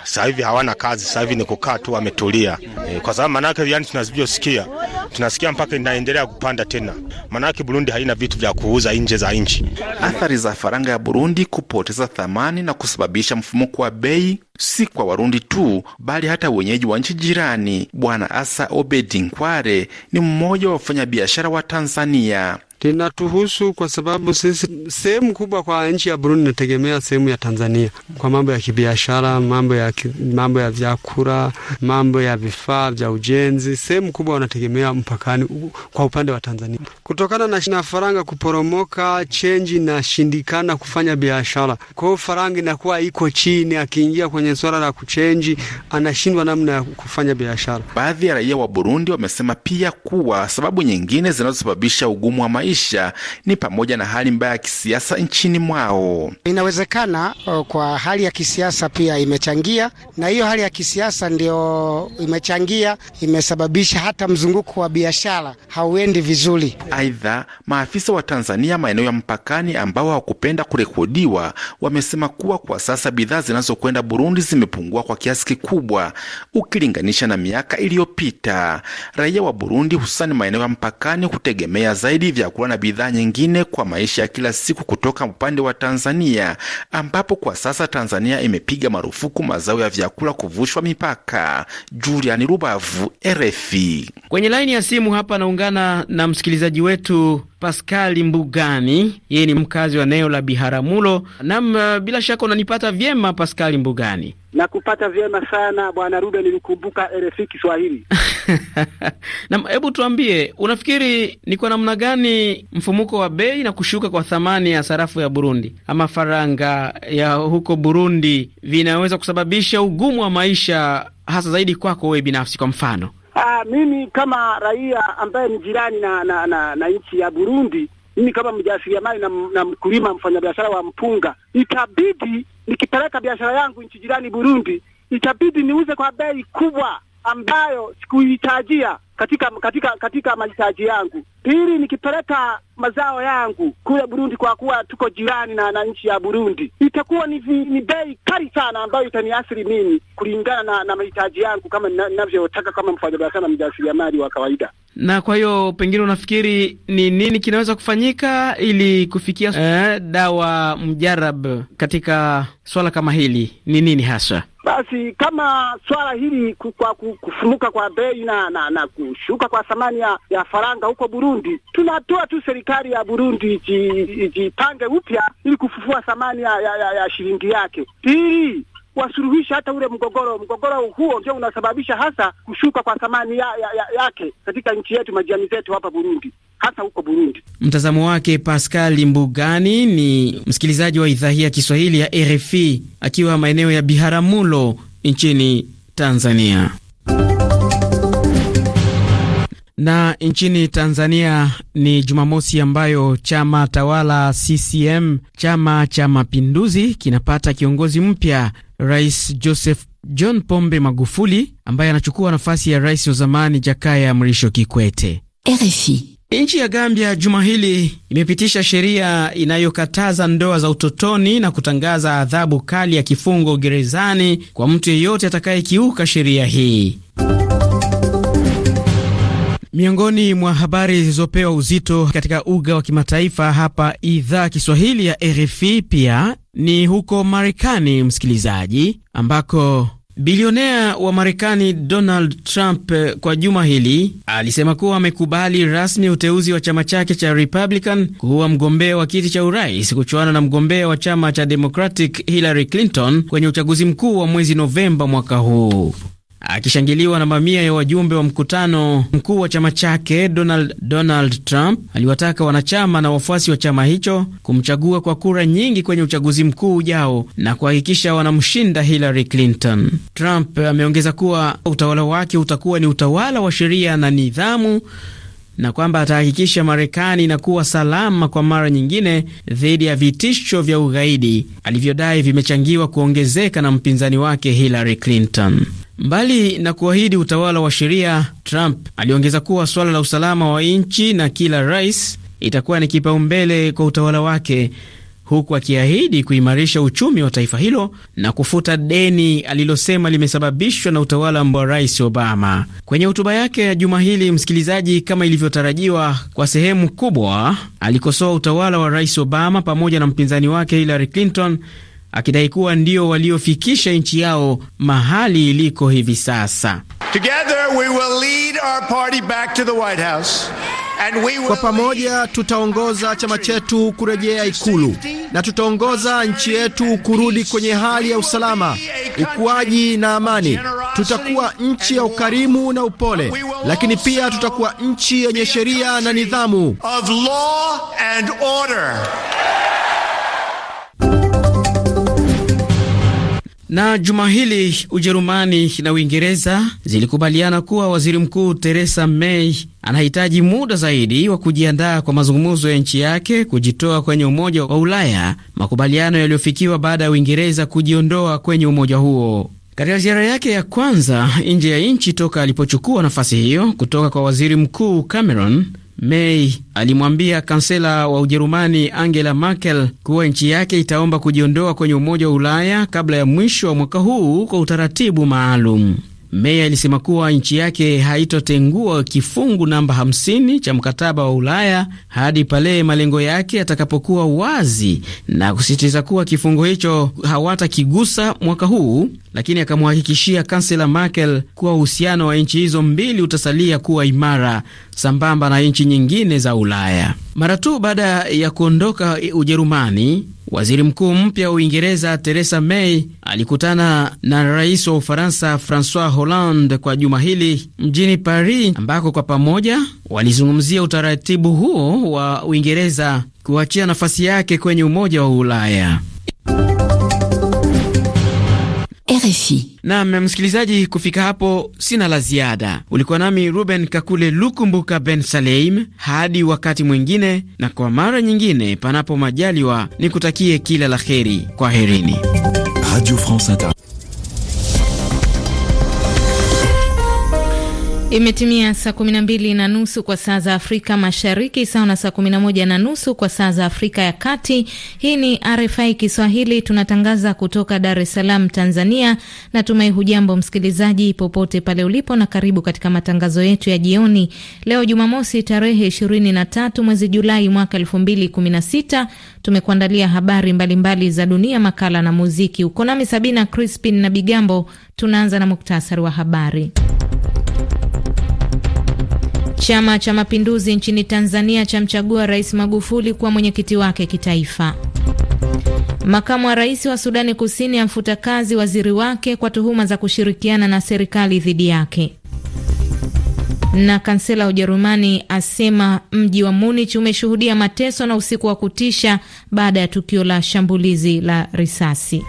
sasa hivi hawana kazi, sasa hivi ni kukaa tu, wametulia e, kwa sababu manake, yani tunazivyosikia tunasikia mpaka inaendelea kupanda tena, manake Burundi haina vitu vya kuuza nje za nchi. Athari za faranga ya Burundi kupoteza thamani na kusababisha mfumuko wa bei si kwa Warundi tu bali hata wenyeji wa nchi jirani. Bwana Asa Obedi Nkware ni mmoja wa wafanyabiashara wa Tanzania linatuhusu kwa sababu sisi sehemu kubwa kwa nchi ya Burundi inategemea sehemu ya Tanzania kwa mambo ya kibiashara, mambo ya mambo ya vyakula, mambo ya vifaa vya ujenzi. Sehemu kubwa wanategemea mpakani kwa upande wa Tanzania. Kutokana na shina faranga kuporomoka, chenji inashindikana kufanya biashara, kwa hiyo faranga inakuwa iko chini. Akiingia kwenye swala la kuchenji, anashindwa namna ya kufanya biashara. Baadhi ya raia wa Burundi wamesema pia kuwa sababu nyingine zinazosababisha ugumu wa maisha maisha ni pamoja na hali mbaya ya kisiasa nchini mwao. Inawezekana oh, kwa hali ya kisiasa pia imechangia, na hiyo hali ya kisiasa ndio imechangia, imesababisha hata mzunguko wa biashara hauendi vizuri. Aidha, maafisa wa Tanzania maeneo ya mpakani ambao hawakupenda kurekodiwa wamesema kuwa kwa sasa bidhaa zinazokwenda Burundi zimepungua kwa kiasi kikubwa ukilinganisha na miaka iliyopita. Raia wa Burundi hususani maeneo ya mpakani hutegemea zaidi vyakula kuwa na bidhaa nyingine kwa maisha ya kila siku kutoka upande wa Tanzania, ambapo kwa sasa Tanzania imepiga marufuku mazao ya vyakula kuvushwa mipaka. Julian Rubavu, RFI. Kwenye laini ya simu hapa naungana na msikilizaji wetu Paskali Mbugani, yeye ni mkazi wa eneo la Biharamulo. nam uh, bila shaka unanipata vyema Paskali Mbugani? Nakupata vyema sana bwana ruben nilikumbuka RFI Kiswahili. [LAUGHS] Nam, hebu tuambie, unafikiri ni kwa namna gani mfumuko wa bei na kushuka kwa thamani ya sarafu ya Burundi ama faranga ya huko Burundi vinaweza kusababisha ugumu wa maisha hasa zaidi kwako wewe binafsi, kwa mfano? Aa, ah, mimi kama raia ambaye ni jirani na, na, na, na nchi ya Burundi, mimi kama mjasiriamali na, na mkulima mfanyabiashara wa mpunga, itabidi nikipeleka biashara yangu nchi jirani Burundi, itabidi niuze kwa bei kubwa ambayo sikuihitajia katika katika katika mahitaji yangu. Pili, nikipeleka mazao yangu kule Burundi, kwa kuwa tuko jirani na, na nchi ya Burundi, itakuwa ni, ni bei kali sana ambayo itaniathiri mimi kulingana na, na mahitaji yangu kama ninavyotaka kama mfanyabiashara mjasiriamali wa kawaida. Na kwa hiyo pengine unafikiri ni nini kinaweza kufanyika ili kufikia eh, dawa mjarab katika swala kama hili ni nini hasa? Basi kama swala hili kwa kufunuka kwa bei na, na, na kushuka kwa thamani ya, ya faranga huko Burundi, tunatoa tu serikali ya Burundi ijipange upya ili kufufua thamani ya, ya, ya, ya shilingi yake. Pili, wasuluhishe hata ule mgogoro. Mgogoro huo ndio unasababisha hasa kushuka kwa thamani ya, ya, ya, yake katika nchi yetu, majirani zetu hapa Burundi, hasa huko Burundi. Mtazamo wake Pascal Mbugani ni msikilizaji wa idhaa hii ya Kiswahili ya RFI akiwa maeneo ya Biharamulo nchini Tanzania. Na nchini Tanzania ni Jumamosi ambayo chama tawala CCM, Chama cha Mapinduzi, kinapata kiongozi mpya, Rais Joseph John Pombe Magufuli ambaye anachukua nafasi ya rais wa zamani Jakaya Mrisho Kikwete. RFI. Nchi ya Gambia juma hili imepitisha sheria inayokataza ndoa za utotoni na kutangaza adhabu kali ya kifungo gerezani kwa mtu yeyote atakayekiuka sheria hii. Miongoni mwa habari zilizopewa uzito katika uga wa kimataifa hapa idhaa Kiswahili ya RFI pia ni huko Marekani, msikilizaji, ambako bilionea wa Marekani Donald Trump kwa juma hili alisema kuwa amekubali rasmi uteuzi wa chama chake cha Republican kuwa mgombea wa kiti cha urais kuchuana na mgombea wa chama cha Democratic Hillary Clinton kwenye uchaguzi mkuu wa mwezi Novemba mwaka huu. Akishangiliwa na mamia ya wajumbe wa mkutano mkuu wa chama chake, Donald, Donald Trump aliwataka wanachama na wafuasi wa chama hicho kumchagua kwa kura nyingi kwenye uchaguzi mkuu ujao na kuhakikisha wanamshinda Hillary Clinton. Trump ameongeza kuwa utawala wake utakuwa ni utawala wa sheria na nidhamu na kwamba atahakikisha Marekani inakuwa salama kwa mara nyingine dhidi ya vitisho vya ugaidi alivyodai vimechangiwa kuongezeka na mpinzani wake Hillary Clinton. Mbali na kuahidi utawala wa sheria, Trump aliongeza kuwa suala la usalama wa nchi na kila rais itakuwa ni kipaumbele kwa utawala wake, huku akiahidi kuimarisha uchumi wa taifa hilo na kufuta deni alilosema limesababishwa na utawala wa Rais Obama. Kwenye hotuba yake ya juma hili, msikilizaji, kama ilivyotarajiwa, kwa sehemu kubwa alikosoa utawala wa Rais Obama pamoja na mpinzani wake Hillary Clinton akidai kuwa ndio waliofikisha nchi yao mahali iliko hivi sasa. Kwa pamoja tutaongoza chama chetu kurejea Ikulu na tutaongoza nchi yetu kurudi kwenye hali ya usalama, ukuaji na amani. Tutakuwa nchi ya ukarimu na upole, lakini pia tutakuwa nchi yenye sheria na nidhamu. Na juma hili Ujerumani na Uingereza zilikubaliana kuwa waziri mkuu Theresa May anahitaji muda zaidi wa kujiandaa kwa mazungumzo ya nchi yake kujitoa kwenye Umoja wa Ulaya, makubaliano yaliyofikiwa baada ya Uingereza kujiondoa kwenye umoja huo. Katika ziara yake ya kwanza nje ya nchi toka alipochukua nafasi hiyo kutoka kwa waziri mkuu Cameron, May alimwambia kansela wa Ujerumani Angela Merkel kuwa nchi yake itaomba kujiondoa kwenye Umoja wa Ulaya kabla ya mwisho wa mwaka huu kwa utaratibu maalum. Meya alisema kuwa nchi yake haitotengua kifungu namba 50 cha mkataba wa Ulaya hadi pale malengo yake yatakapokuwa wazi na kusisitiza kuwa kifungu hicho hawatakigusa mwaka huu, lakini akamhakikishia kansela Merkel kuwa uhusiano wa nchi hizo mbili utasalia kuwa imara sambamba na nchi nyingine za Ulaya. Mara tu baada ya kuondoka Ujerumani Waziri mkuu mpya wa Uingereza Theresa May alikutana na rais wa Ufaransa Francois Hollande kwa juma hili mjini Paris, ambako kwa pamoja walizungumzia utaratibu huo wa Uingereza kuachia nafasi yake kwenye Umoja wa Ulaya. RFI. Nam msikilizaji, kufika hapo sina la ziada. Ulikuwa nami Ruben Kakule Lukumbuka Ben Saleim, hadi wakati mwingine, na kwa mara nyingine, panapo majaliwa, nikutakie kila la heri. Kwa herini. Radio France Inter Imetimia saa 12 na nusu kwa saa za Afrika Mashariki, sawa na saa 11 na nusu kwa saa za Afrika ya Kati. Hii ni RFI Kiswahili, tunatangaza kutoka Dar es Salaam, Tanzania. Natumai hujambo msikilizaji, popote pale ulipo, na karibu katika matangazo yetu ya jioni leo Jumamosi tarehe 23 mwezi Julai mwaka 2016. Tumekuandalia habari mbalimbali mbali za dunia, makala na muziki. Uko nami Sabina Crispin na Bigambo. Tunaanza na muktasari wa habari. Chama cha Mapinduzi nchini Tanzania chamchagua Rais Magufuli kuwa mwenyekiti wake kitaifa. Makamu wa rais wa Sudani Kusini amfuta kazi waziri wake kwa tuhuma za kushirikiana na serikali dhidi yake. Na kansela wa Ujerumani asema mji wa Munich umeshuhudia mateso na usiku wa kutisha baada ya tukio la shambulizi la risasi.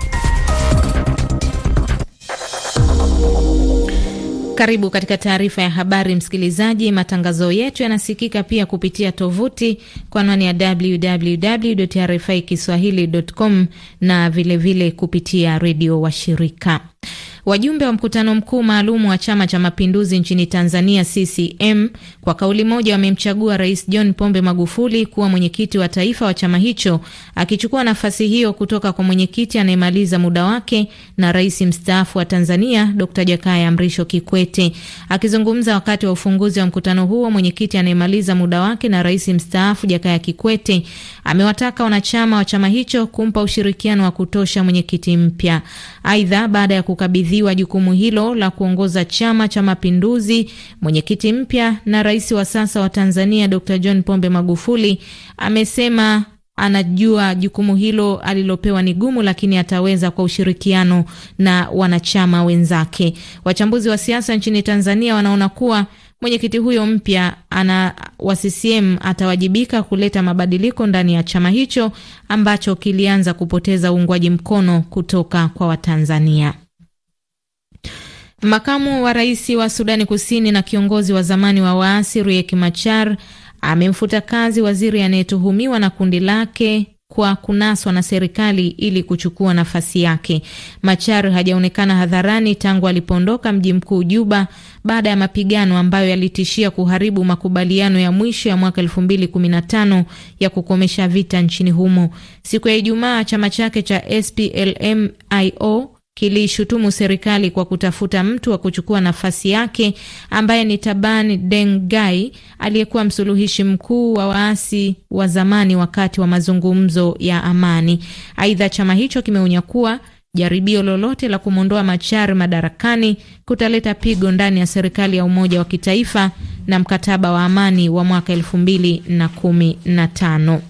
Karibu katika taarifa ya habari msikilizaji. Matangazo yetu yanasikika pia kupitia tovuti kwa anwani ya www RFI kiswahili.com na vilevile vile kupitia redio wa shirika Wajumbe wa mkutano mkuu maalum wa Chama cha Mapinduzi nchini Tanzania, CCM, kwa kauli moja wamemchagua Rais John Pombe Magufuli kuwa mwenyekiti wa taifa wa chama hicho, akichukua nafasi hiyo kutoka kwa mwenyekiti anayemaliza muda wake na rais mstaafu wa Tanzania, Dkt Jakaya Mrisho Kikwete. Akizungumza wakati wa ufunguzi wa mkutano huo, mwenyekiti anayemaliza muda wake na rais mstaafu Jakaya Kikwete amewataka wanachama wa chama hicho kumpa ushirikiano wa kutosha mwenyekiti mpya. Aidha, baada ya kukabidhiwa jukumu hilo la kuongoza Chama cha Mapinduzi, mwenyekiti mpya na rais wa sasa wa Tanzania Dr. John Pombe Magufuli amesema anajua jukumu hilo alilopewa ni gumu, lakini ataweza kwa ushirikiano na wanachama wenzake. Wachambuzi wa siasa nchini Tanzania wanaona kuwa mwenyekiti huyo mpya ana wa CCM atawajibika kuleta mabadiliko ndani ya chama hicho ambacho kilianza kupoteza uungwaji mkono kutoka kwa Watanzania. Makamu wa rais wa Sudani Kusini na kiongozi wa zamani wa waasi Riek Machar amemfuta kazi waziri anayetuhumiwa na kundi lake kwa kunaswa na serikali ili kuchukua nafasi yake. Machar hajaonekana hadharani tangu alipoondoka mji mkuu Juba baada ya mapigano ambayo yalitishia kuharibu makubaliano ya mwisho ya mwaka 2015 ya kukomesha vita nchini humo. Siku ya Ijumaa, chama chake cha SPLM-IO kilishutumu serikali kwa kutafuta mtu wa kuchukua nafasi yake ambaye ni Taban Deng Gai aliyekuwa msuluhishi mkuu wa waasi wa zamani wakati wa mazungumzo ya amani. Aidha, chama hicho kimeonya kuwa jaribio lolote la kumwondoa Machar madarakani kutaleta pigo ndani ya serikali ya umoja wa kitaifa na mkataba wa amani wa mwaka elfu mbili na kumi na tano.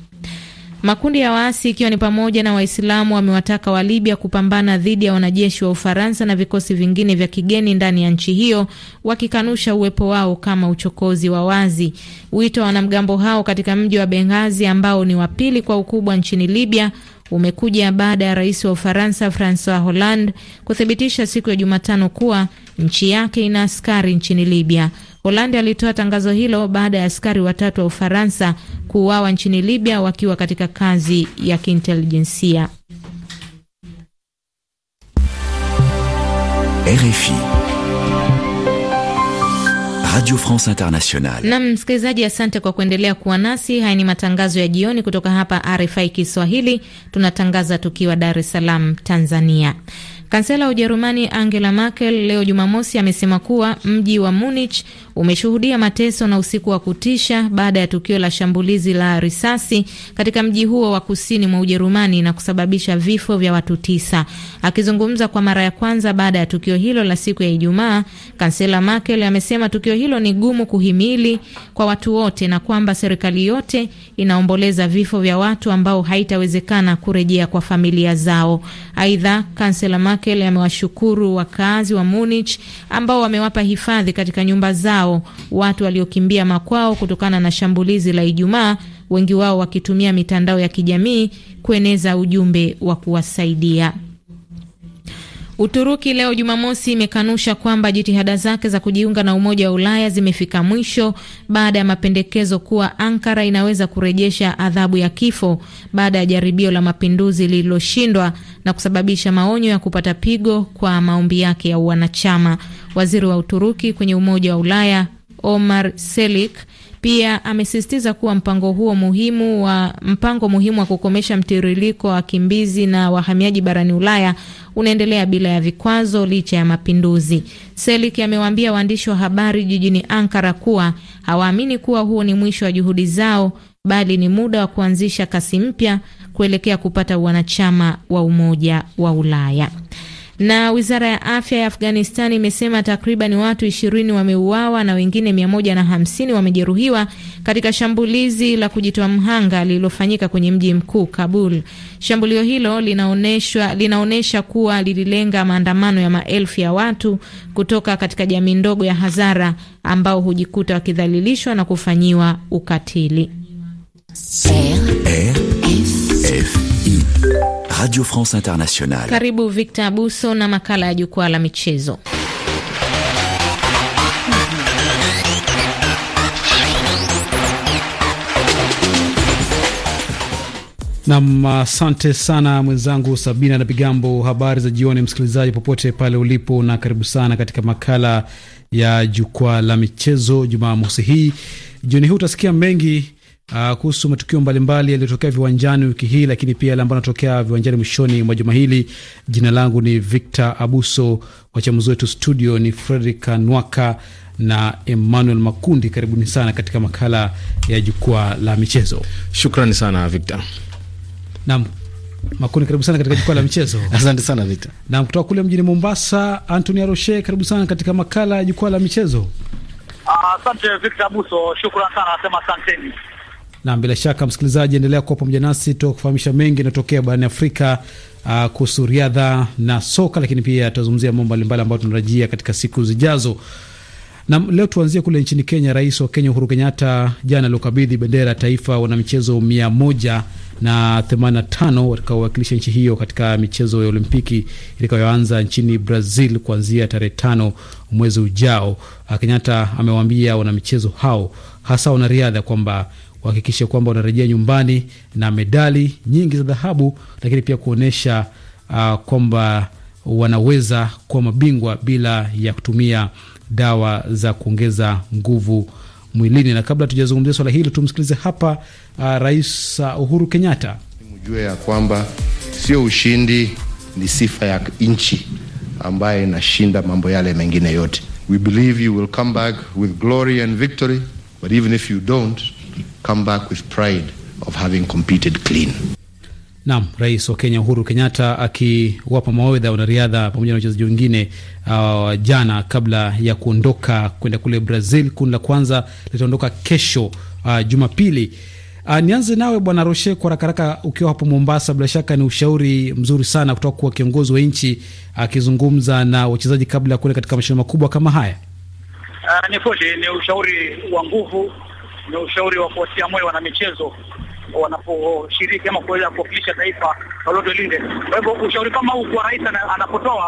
Makundi ya waasi ikiwa ni pamoja na Waislamu wamewataka wa Libya kupambana dhidi ya wanajeshi wa Ufaransa na vikosi vingine vya kigeni ndani ya nchi hiyo, wakikanusha uwepo wao kama uchokozi wa wazi. Wito wa wanamgambo hao katika mji wa Benghazi ambao ni wa pili kwa ukubwa nchini Libya umekuja baada ya rais wa Ufaransa Francois Hollande kuthibitisha siku ya Jumatano kuwa nchi yake ina askari nchini Libya. Hollandi alitoa tangazo hilo baada ya askari watatu wa Ufaransa kuuawa nchini Libya wakiwa katika kazi ya kiintelijensia. RFI Radio France Internationale. Nam msikilizaji, asante kwa kuendelea kuwa nasi. Haya ni matangazo ya jioni kutoka hapa RFI Kiswahili, tunatangaza tukiwa Dar es Salaam, Tanzania. Kansela wa Ujerumani Angela Merkel leo Jumamosi amesema kuwa mji wa Munich umeshuhudia mateso na usiku wa kutisha baada ya tukio la shambulizi la risasi katika mji huo wa kusini mwa Ujerumani na kusababisha vifo vya watu tisa. Akizungumza kwa mara ya kwanza baada ya tukio hilo la siku ya Ijumaa, kansela Merkel amesema tukio hilo ni gumu kuhimili kwa watu wote na kwamba serikali yote inaomboleza vifo vya watu ambao haitawezekana kurejea kwa familia zao. Aidha, kansela Merkel amewashukuru wakaazi wa Munich ambao wamewapa hifadhi katika nyumba zao hao watu waliokimbia makwao kutokana na shambulizi la Ijumaa, wengi wao wakitumia mitandao ya kijamii kueneza ujumbe wa kuwasaidia. Uturuki leo Jumamosi imekanusha kwamba jitihada zake za kujiunga na Umoja wa Ulaya zimefika mwisho baada ya mapendekezo kuwa Ankara inaweza kurejesha adhabu ya kifo baada ya jaribio la mapinduzi lililoshindwa na kusababisha maonyo ya kupata pigo kwa maombi yake ya uwanachama. Waziri wa Uturuki kwenye Umoja wa Ulaya Omar Selik pia amesisitiza kuwa mpango huo muhimu wa mpango muhimu wa kukomesha mtiririko wa wakimbizi na wahamiaji barani Ulaya unaendelea bila ya vikwazo licha ya mapinduzi. Selik amewaambia waandishi wa habari jijini Ankara kuwa hawaamini kuwa huo ni mwisho wa juhudi zao bali ni muda wa kuanzisha kasi mpya kuelekea kupata wanachama wa Umoja wa Ulaya. Na wizara ya afya ya Afghanistan imesema takriban watu ishirini wameuawa na wengine mia moja na hamsini wamejeruhiwa katika shambulizi la kujitoa mhanga lililofanyika kwenye mji mkuu Kabul. Shambulio hilo linaonyesha linaonyesha kuwa lililenga maandamano ya maelfu ya watu kutoka katika jamii ndogo ya Hazara ambao hujikuta wakidhalilishwa na kufanyiwa ukatili. Radio France Internationale. Karibu Victor Abuso na makala ya jukwaa la michezo. Nam, asante sana mwenzangu Sabina na Pigambo. Habari za jioni, msikilizaji popote pale ulipo, na karibu sana katika makala ya jukwaa la michezo Jumamosi hii. Jioni hii utasikia mengi uh, kuhusu matukio mbalimbali yaliyotokea viwanjani wiki hii, lakini pia yale ambayo anatokea viwanjani mwishoni mwa juma hili. Jina langu ni Victor Abuso, wachambuzi wetu studio ni Fredrick Nwaka na Emmanuel Makundi. Karibuni sana katika makala ya jukwaa la michezo. Shukrani sana Victor. Naam, Makuni, karibu sana katika jukwaa la michezo. [LAUGHS] Asante sana Vita. Naam, kutoka kule mjini Mombasa, Anthony Aroshe, karibu sana katika makala ya jukwaa la michezo. Ah, asante uh, Victor Buso, shukran sana, nasema asanteni. Na bila shaka msikilizaji, endelea kuwa pamoja nasi tukufahamisha mengi yanayotokea barani Afrika uh, kuhusu riadha na soka, lakini pia tutazungumzia mambo mbalimbali ambayo tunarajia katika siku zijazo. Na leo tuanzie kule nchini Kenya. Rais wa Kenya Uhuru Kenyatta jana aliokabidhi bendera ya taifa wanamichezo mia moja na 85 watakaowakilisha nchi hiyo katika michezo ya Olimpiki itakayoanza nchini Brazil kuanzia tarehe tano mwezi ujao. Ah, Kenyatta amewaambia wanamichezo hao hasa wanariadha kwamba uhakikishe kwamba unarejea nyumbani na medali nyingi za dhahabu, lakini pia kuonyesha uh, kwamba wanaweza kuwa mabingwa bila ya kutumia dawa za kuongeza nguvu mwilini. Na kabla tujazungumzia swala hili, tumsikilize hapa uh, Rais Uhuru Kenyatta. Mjue ya kwamba sio ushindi, ni sifa ya nchi ambayo inashinda mambo yale mengine yote. We believe you will come back with glory and victory, but even if you don't come back with pride of having competed clean. Naam, Rais wa Kenya Uhuru Kenyatta akiwapa mawaidha wanariadha pamoja na wachezaji wengine uh, jana kabla ya kuondoka kwenda kule Brazil. Kundi la kwanza litaondoka kesho uh, Jumapili. Uh, nianze nawe Bwana Roshe kwa rakaraka, ukiwa hapo Mombasa, bila shaka ni ushauri mzuri sana kutoka kwa kiongozi wa nchi akizungumza uh, na wachezaji kabla ya kuenda katika mashindano makubwa kama haya. Uh, ni kweli ni ushauri wa nguvu ni ushauri wa kuwatia moyo michezo wanaposhiriki ama kuweza kuwakilisha taifa lolote lile. Kwa hivyo ushauri kama huu kwa rais anapotoa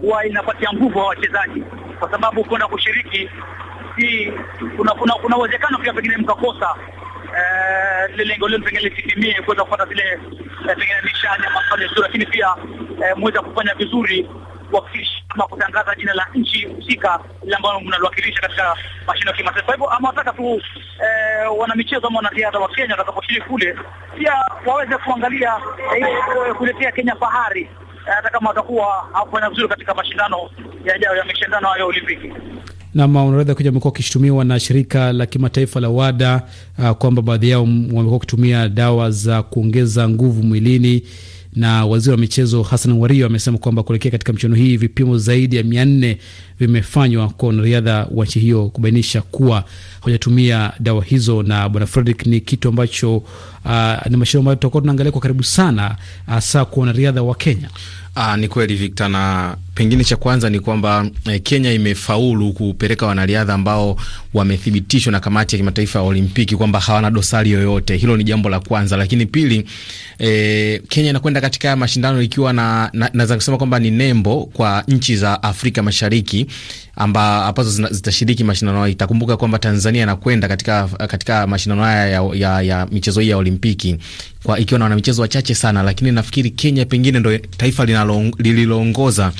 huwa inapatia nguvu wa wachezaji, kwa sababu kwenda kushiriki si kuna kuna kuna uwezekano pia pengine mkakosa eh, lile lengo lenu pengine lisitimie, kuweza kupata zile eh, pengine nishani ama pale, lakini pia eh, muweza kufanya vizuri kuwakilisha ama kutangaza jina la nchi husika ile ambayo mnaliwakilisha katika mashindano ya kimataifa. Kwa hivyo amewataka tu e, wanamichezo ama wanariadha wa Kenya watakaposhiriki kule pia waweze kuangalia e, kuletea Kenya fahari eh, hata kama watakuwa hawafanya vizuri katika mashindano yajayo ya mashindano hayo ya Olimpiki. Nam, wanariadha Kenya wamekuwa wakishutumiwa na shirika la kimataifa la WADA uh, kwamba baadhi yao wamekuwa wakitumia dawa za kuongeza nguvu mwilini na waziri wa michezo Hassan Wario amesema kwamba kuelekea katika mchuano hii vipimo zaidi ya mia nne vimefanywa kwa wanariadha wa nchi hiyo kubainisha kuwa hawajatumia dawa hizo. Na bwana Fredrick, ni kitu ambacho uh, ni mashindano ambayo tutakuwa tunaangalia kwa karibu sana, hasa uh, kwa wanariadha wa Kenya. Aa, ah, ni kweli Victor, na pengine cha kwanza ni kwamba eh, Kenya imefaulu kupeleka wanariadha ambao wamethibitishwa na kamati ya kimataifa ya Olimpiki kwamba hawana dosari yoyote. Hilo ni jambo la kwanza, lakini pili, eh, Kenya inakwenda katika mashindano ikiwa na naweza kusema kwamba ni nembo kwa nchi za Afrika Mashariki amba, ambazo zitashiriki mashindano hayo. Itakumbuka kwamba Tanzania inakwenda katika, katika mashindano haya ya, ya, ya michezo hii ya Olimpiki kwa ikiwa na wanamichezo wachache sana, lakini nafikiri Kenya pengine ndo taifa lililoongoza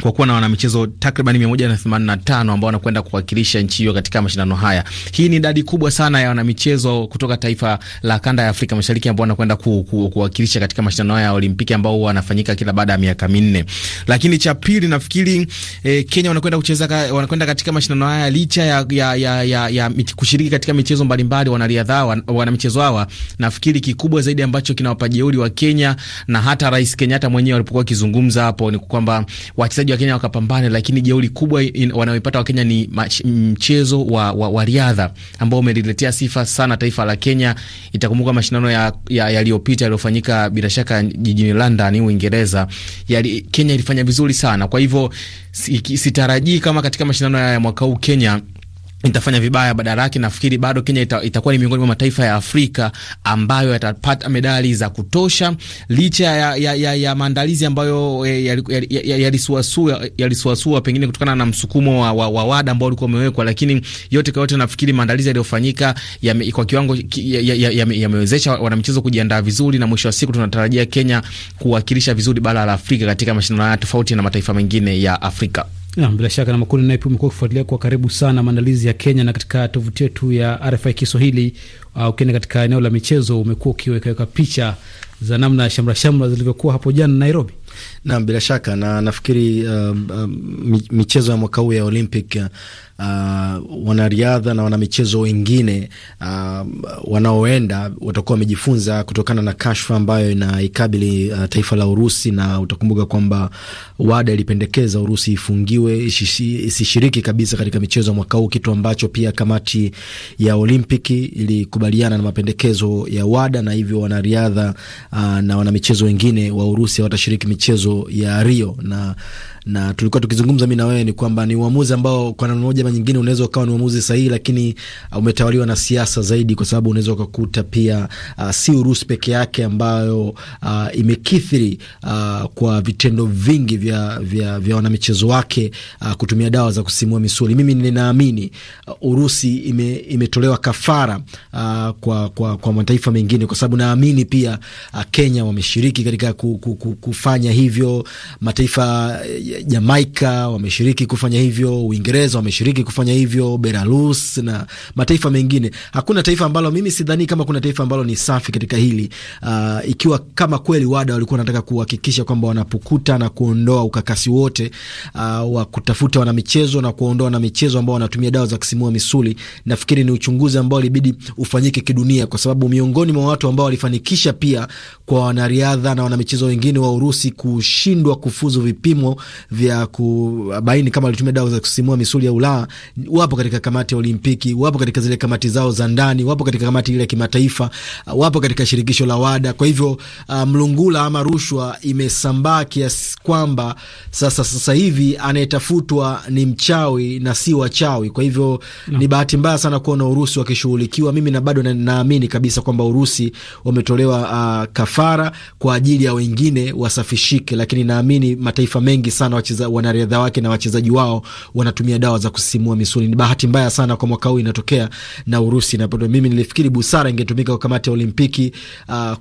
kwa kuwa na wanamichezo takriban 185 ambao wanakwenda kuwakilisha nchi hiyo katika mashindano haya. Hii ni idadi kubwa sana ya wanamichezo kutoka taifa la kanda ya Afrika Mashariki ambao wanakwenda ku, ku, kuwakilisha katika mashindano haya ya Olimpiki ambao huwa wanafanyika kila baada ya miaka minne. Lakini cha pili nafikiri eh, Kenya wanakwenda kucheza wanakwenda katika mashindano haya licha ya, ya, ya, ya, ya kushiriki katika michezo mbalimbali wanariadha wan, wanamichezo hawa, nafikiri kikubwa zaidi ambacho kinawapa jeuri wa Kenya na hata Rais Kenyatta mwenyewe alipokuwa akizungumza hapo ni kwamba wachezaji kuja Kenya wakapambane, lakini jeuri kubwa wanaoipata Wakenya ni mchezo wa, wa, wa riadha ambao umeliletea sifa sana taifa la Kenya. Itakumbuka mashindano yaliyopita ya, ya yaliyofanyika bila shaka jijini London, Uingereza, Kenya ilifanya vizuri sana. Kwa hivyo sitarajii kama katika mashindano haya ya mwaka huu Kenya itafanya vibaya. Badala yake nafikiri bado Kenya ita, itakuwa ni miongoni mwa mataifa ya Afrika ambayo yatapata medali za kutosha licha ya, ya, ya, ya maandalizi ambayo eh, yalisuasua pengine kutokana na msukumo wa, wa, wa wada ambao ulikuwa umewekwa, lakini yote kwa yote nafikiri maandalizi yaliyofanyika ya, kwa kiwango yamewezesha ya, ya, ya wanamichezo kujiandaa vizuri, na mwisho wa siku tunatarajia Kenya kuwakilisha vizuri bara la Afrika katika mashindano haya tofauti na mataifa mengine ya Afrika. Na bila shaka na makundi naye pia umekuwa ukifuatilia kwa karibu sana maandalizi ya Kenya, na katika tovuti yetu ya RFI Kiswahili uh, ukienda katika eneo la michezo umekuwa ukiwekaweka picha za namna ya shamra shamra zilivyokuwa hapo jana Nairobi. Na bila shaka na nafikiri uh, um, michezo ya mwaka huu ya Olympic uh, wanariadha na wanamichezo wengine uh, wanaoenda watakuwa wamejifunza kutokana na kashfa ambayo inaikabili uh, taifa la Urusi, na utakumbuka kwamba WADA ilipendekeza Urusi ifungiwe isishiriki kabisa katika michezo ya mwaka huu, kitu ambacho pia kamati ya Olympic ilikubaliana na mapendekezo ya WADA, na hivyo wanariadha uh, na wanamichezo wengine wa Urusi hawatashiriki michezo michezo ya Rio, na na tulikuwa tukizungumza mi na wewe, ni kwamba ni uamuzi ambao kwa namna moja ama nyingine unaweza ukawa ni uamuzi sahihi, lakini uh, umetawaliwa na siasa zaidi, kwa sababu unaweza ukakuta pia uh, si Urusi peke yake ambayo uh, imekithiri uh, kwa vitendo vingi vya, vya, vya wanamichezo wake uh, kutumia dawa za kusimua misuli. Mimi ninaamini uh, Urusi ime, imetolewa kafara uh, kwa, kwa, kwa mataifa mengine, kwa sababu naamini pia uh, Kenya wameshiriki katika kufanya hivyo mataifa uh, Jamaika wameshiriki kufanya hivyo, Uingereza wameshiriki kufanya hivyo, Belarus na mataifa mengine. Hakuna taifa ambalo mimi sidhani kama kuna taifa ambalo ni safi katika hili uh, ikiwa kama kweli WADA walikuwa wanataka kuhakikisha kwamba wanapukuta na kuondoa ukakasi wote uh, wa kutafuta wanamichezo na kuondoa wanamichezo ambao wanatumia dawa za kusimua misuli. Nafikiri ni uchunguzi ambao ilibidi ufanyike kidunia, kwa sababu miongoni mwa watu ambao walifanikisha pia kwa wanariadha na wanamichezo wengine wa Urusi kushindwa kufuzu vipimo vya kubaini kama walitumia dawa za kusimua misuli ya Ulaya. Wapo katika kamati ya Olimpiki, wapo katika zile kamati zao za ndani, wapo katika kamati ile ya kimataifa, wapo katika shirikisho la WADA. Kwa hivyo uh, mlungula ama rushwa imesambaa kiasi kwamba sasa sasa hivi anayetafutwa ni mchawi na si wachawi. Kwa hivyo no. ni bahati mbaya sana kuona Urusi wakishughulikiwa. Mimi na bado naamini na kabisa kwamba Urusi wametolewa uh, kafa msafara kwa ajili ya wengine wasafishike, lakini naamini mataifa mengi sana wacheza, wanariadha wake na wachezaji wao wanatumia dawa za kusisimua misuli. Ni bahati mbaya sana kwa mwaka huu inatokea na Urusi na mimi nilifikiri busara ingetumika kwa kamati ya Olimpiki uh,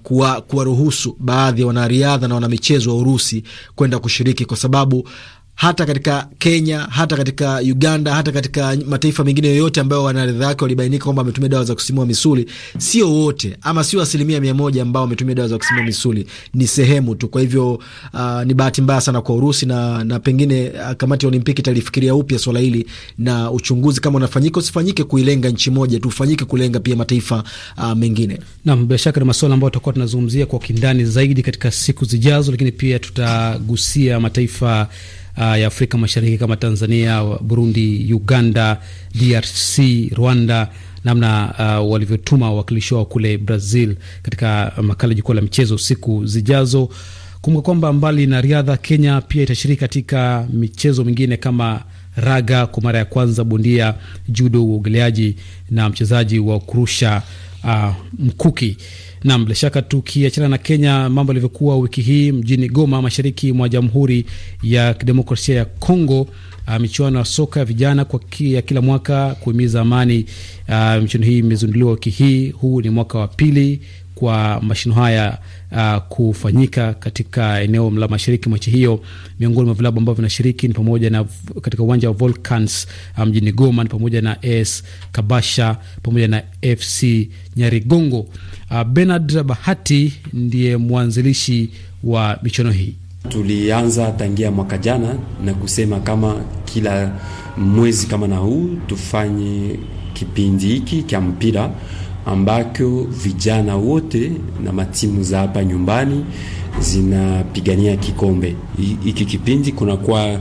kuwaruhusu kuwa baadhi ya wanariadha na wanamichezo wa Urusi kwenda kushiriki kwa sababu hata katika Kenya, hata katika Uganda, hata katika mataifa mengine yoyote ambayo wanaridha wake walibainika kwamba wametumia dawa za kusimua misuli. Sio wote ama sio asilimia mia moja ambao wametumia dawa za kusimua misuli, ni sehemu tu. Kwa hivyo uh, ni bahati mbaya sana kwa Urusi na, na pengine uh, kamati ya Olimpiki italifikiria upya swala hili, na uchunguzi kama unafanyika usifanyike kuilenga nchi moja tu, ufanyike kulenga pia mataifa uh, mengine. Naam, bila shaka ni masuala ambayo tutakuwa tunazungumzia kwa kindani zaidi katika siku zijazo, lakini pia tutagusia mataifa uh, ya Afrika Mashariki kama Tanzania, Burundi, Uganda, DRC, Rwanda namna uh, walivyotuma wawakilishi wao kule Brazil katika makala jukwaa la michezo siku zijazo. Kumbuka kwamba mbali na riadha, Kenya pia itashiriki katika michezo mingine kama raga kwa mara ya kwanza, bondia, judo, uogeleaji na mchezaji wa kurusha uh, mkuki. Nam, bila shaka tukiachana na Kenya, mambo yalivyokuwa wiki hii mjini Goma, mashariki mwa Jamhuri ya Kidemokrasia ya Kongo. Uh, michuano ya soka ya vijana kwa ki, ya kila mwaka kuhimiza amani. Uh, michuano hii imezinduliwa wiki hii. Huu ni mwaka wa pili kwa mashindano haya uh, kufanyika katika eneo la mashariki mwa nchi hiyo. Miongoni mwa vilabu ambavyo vinashiriki ni pamoja na katika uwanja wa Volcans uh, mjini um, Goma ni pamoja na AS Kabasha pamoja na FC Nyarigongo. Uh, Bernard Bahati ndiye mwanzilishi wa michuano hii. Tulianza tangia mwaka jana na kusema kama kila mwezi kama na huu tufanye kipindi hiki cha mpira ambako vijana wote na matimu za hapa nyumbani zinapigania kikombe hiki kipindi. Kunakuwa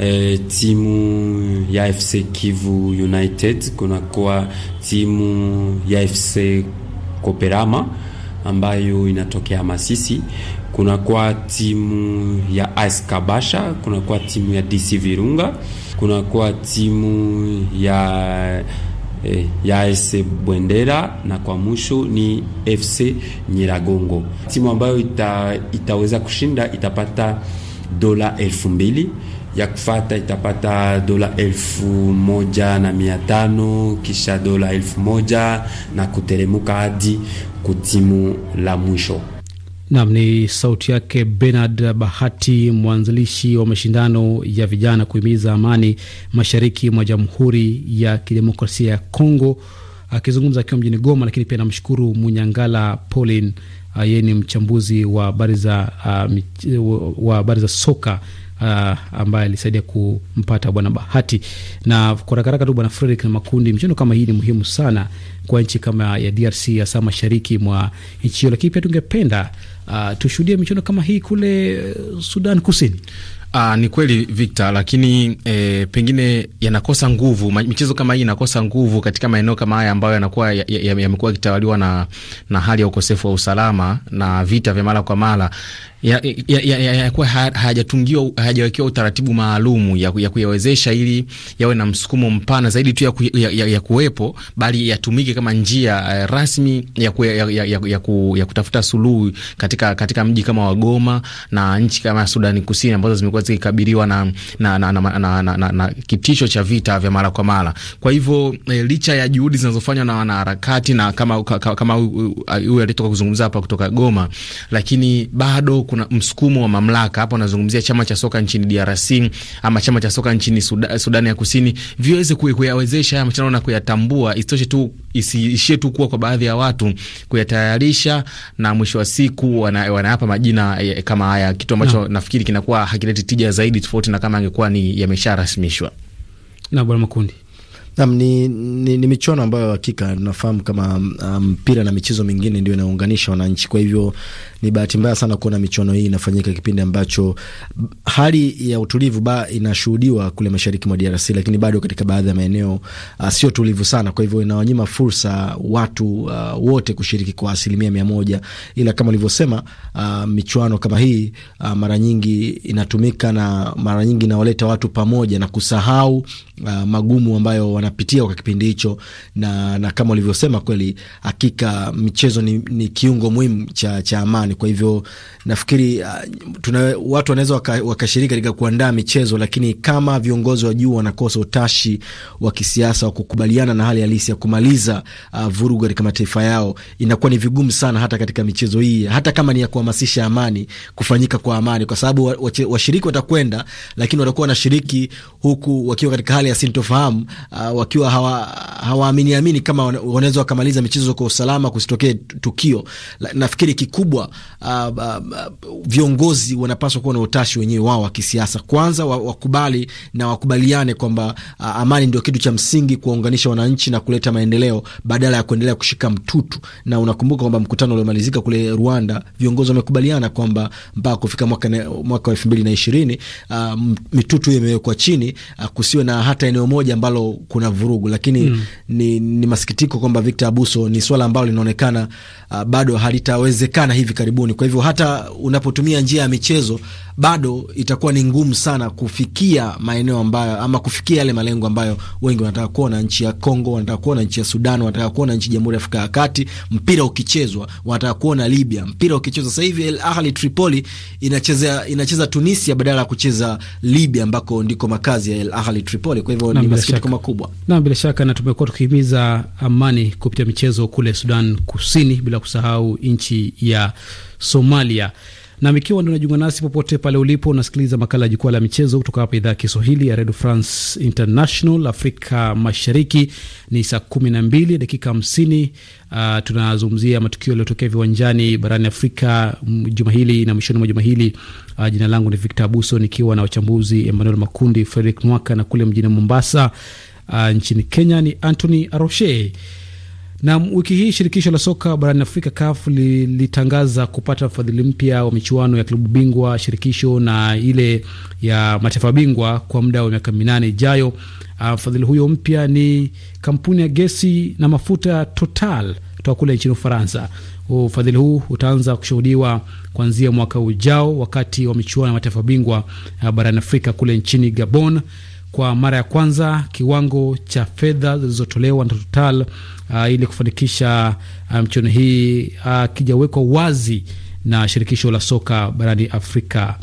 e, timu ya FC Kivu United, kunakuwa timu ya FC Koperama ambayo inatokea Masisi, kunakuwa timu ya AS Kabasha, kunakuwa timu ya DC Virunga, kunakuwa timu ya eh, ya AS Bwendera na kwa mwisho ni FC Nyiragongo. Timu ambayo ita, itaweza kushinda itapata dola elfu mbili ya kufata itapata dola elfu moja na mia tano kisha dola elfu moja na kuteremuka hadi kutimu la mwisho. Nam ni sauti yake Benard Bahati, mwanzilishi wa mashindano ya vijana kuhimiza amani mashariki mwa Jamhuri ya Kidemokrasia ya Kongo, akizungumza akiwa mjini Goma. Lakini pia namshukuru Munyangala Paulin, uh, yeye ni mchambuzi wa habari za uh, za soka uh, ambaye alisaidia kumpata bwana Bahati. Na kwa rakaraka tu, bwana Fredrik na Makundi, mchezo kama hii ni muhimu sana kwa nchi kama ya DRC, hasa mashariki mwa nchi hiyo, lakini pia tungependa uh, tushuhudie michuano kama hii kule eh, Sudan Kusini Aa, ah, ni kweli Victor, lakini e, pengine yanakosa nguvu, michezo kama hii inakosa nguvu katika maeneo kama haya ambayo yanakuwa yamekuwa ya, ya yakitawaliwa na, na hali ya ukosefu wa usalama na vita vya mara kwa mara yanakuwa ya, ya, ya, ya hayajatungiwa hayajawekewa utaratibu maalumu ya, ya kuyawezesha ili yawe na msukumo mpana zaidi tu ya, ku, ya, ya, ya kuwepo, bali yatumike kama njia uh, rasmi ya, ku, ya, ya, ya, ya, ku, ya kutafuta suluhu katika, katika mji kama wa Goma na nchi kama Sudani Kusini ambazo zimekuwa zimekuwa zikikabiliwa na, na, na, na, na, na, na, na kitisho cha vita vya mara kwa mara. Kwa hivyo e, licha ya juhudi zinazofanywa na wanaharakati na kama kama huyu alitoka kuzungumza hapa kutoka Goma, lakini bado kuna msukumo wa mamlaka hapo, anazungumzia chama cha soka nchini DRC ama chama cha soka nchini Sudan, Sudani ya Kusini viweze kuyawezesha haya mashindano na kuyatambua, isitoshe tu isiishie tu kuwa kwa baadhi ya watu kuyatayarisha, na mwisho wa siku wanayapa wana majina e, kama haya, kitu ambacho no. nafikiri kinakuwa hakileti tija zaidi, tofauti na kama angekuwa ni yamesha rasimishwa. Na Bwana Makundi. Nam ni, ni, ni michuano ambayo hakika tunafahamu kama um, mpira um, na michezo mingine ndio inaunganisha wananchi. Kwa hivyo ni bahati mbaya sana kuona michuano hii inafanyika kipindi ambacho hali ya utulivu ba inashuhudiwa kule mashariki mwa DRC, lakini bado katika baadhi ya maeneo uh, sio tulivu sana. Kwa hivyo inawanyima fursa watu uh, wote kushiriki kwa asilimia mia moja, ila kama ulivyosema, uh, michuano kama hii uh, mara nyingi inatumika na mara nyingi inawaleta watu pamoja na kusahau uh, magumu ambayo wanapitia kwa kipindi hicho, na, na kama ulivyosema kweli, hakika michezo ni, ni kiungo muhimu cha, cha amani. Kwa hivyo nafikiri uh, tuna watu wanaweza wakashiriki waka katika kuandaa michezo, lakini kama viongozi wa juu wanakosa utashi wa kisiasa wa kukubaliana na hali halisi ya kumaliza uh, vurugu katika mataifa yao, inakuwa ni vigumu sana hata katika michezo hii, hata kama ni ya kuhamasisha amani, kufanyika kwa amani, kwa sababu washiriki wa, wa watakwenda, lakini watakuwa wanashiriki huku wakiwa katika hali ya sintofahamu uh, wakiwa hawaaminiamini hawa kama wanaweza wakamaliza michezo kwa usalama, kusitokee tukio. Nafikiri kikubwa uh, uh, viongozi wanapaswa kuwa na utashi wenyewe wao wa kisiasa kwanza, wakubali na wakubaliane kwamba uh, amani ndio kitu cha msingi kuwaunganisha wananchi na kuleta maendeleo badala ya kuendelea kushika mtutu. Na unakumbuka kwamba mkutano uliomalizika kule Rwanda, viongozi wamekubaliana kwamba mpaka kufika mwaka mwaka wa elfu mbili na ishirini uh, mitutu hiyo imewekwa chini, uh, kusiwe na hata eneo moja ambalo kuna vurugu, lakini mm. ni, ni masikitiko kwamba Victor Abuso, ni swala ambalo linaonekana uh, bado halitawezekana hivi karibuni. Kwa hivyo hata unapotumia njia ya michezo bado itakuwa ni ngumu sana kufikia maeneo ambayo ama kufikia yale malengo ambayo wengi wanataka kuona. Nchi ya Kongo wanataka kuona, nchi ya Sudan wanataka kuona, nchi ya Jamhuri ya Afrika ya Kati mpira ukichezwa, wanataka kuona Libya mpira ukichezwa. Sasa hivi Al Ahli Tripoli inachezea inacheza Tunisia badala ya kucheza Libya ambako ndiko makazi ya Al Ahli Tripoli. Kwa hivyo ni masikitiko makubwa. Na bila shaka, na tumekuwa tukihimiza amani kupitia michezo kule Sudan Kusini, bila kusahau nchi ya Somalia. Na mikiwa ndio unajiunga nasi popote pale ulipo, unasikiliza makala ya jukwaa la michezo kutoka hapa idhaa ya Kiswahili ya Radio France International. Afrika Mashariki ni saa kumi na mbili dakika hamsini. Uh, tunazungumzia matukio yaliyotokea viwanjani barani Afrika mm, juma hili na mwishoni mwa juma hili. Uh, jina langu ni Victor Abuso nikiwa na wachambuzi Emmanuel Makundi, Frederick Mwaka na kule mjini Mombasa uh, nchini Kenya ni Anthony Aroshe. Na wiki hii shirikisho la soka barani Afrika CAF lilitangaza kupata mfadhili mpya wa michuano ya klabu bingwa shirikisho na ile ya mataifa bingwa kwa muda wa miaka minane ijayo. Ah, mfadhili uh, huyo mpya ni kampuni ya gesi na mafuta Total kutoka kule nchini Ufaransa. Ufadhili huu utaanza kushuhudiwa kuanzia mwaka ujao wakati wa michuano ya mataifa bingwa ah, barani Afrika kule nchini Gabon kwa mara ya kwanza kiwango cha fedha zilizotolewa na Total uh, ili kufanikisha uh, mchuano um, hii uh, kijawekwa wazi na shirikisho la soka barani Afrika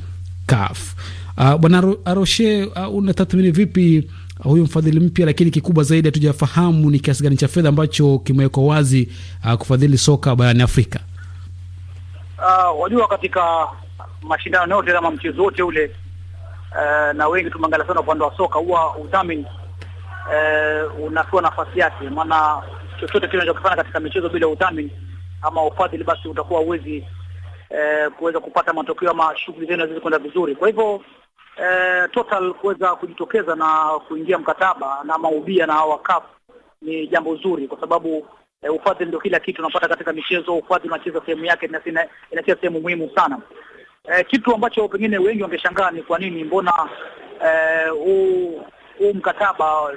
CAF. Uh, Bwana Aroshe, uh, unatathmini vipi uh, huyu mfadhili mpya? Lakini kikubwa zaidi hatujafahamu ni kiasi gani cha fedha ambacho kimewekwa wazi uh, kufadhili soka barani Afrika. Uh, wajua katika mashindano yote ama mchezo wote ule Eh, na wengi tumeangalia sana upande wa soka, huwa udhamini uh, eh, unapewa nafasi yake, maana chochote kile unachokifanya katika michezo bila udhamini ama ufadhili, basi utakuwa uwezi uh, eh, kuweza kupata matokeo ama shughuli zenu haziwezi kwenda vizuri. Kwa hivyo uh, Total kuweza kujitokeza na kuingia mkataba na maubia na wakaf ni jambo zuri kwa sababu E, ufadhili ndio kila kitu unapata katika michezo. Ufadhili unacheza sehemu yake, inacheza sehemu muhimu sana. E, kitu ambacho pengine wengi wangeshangaa ni kwa nini mbona eh, huu e, mkataba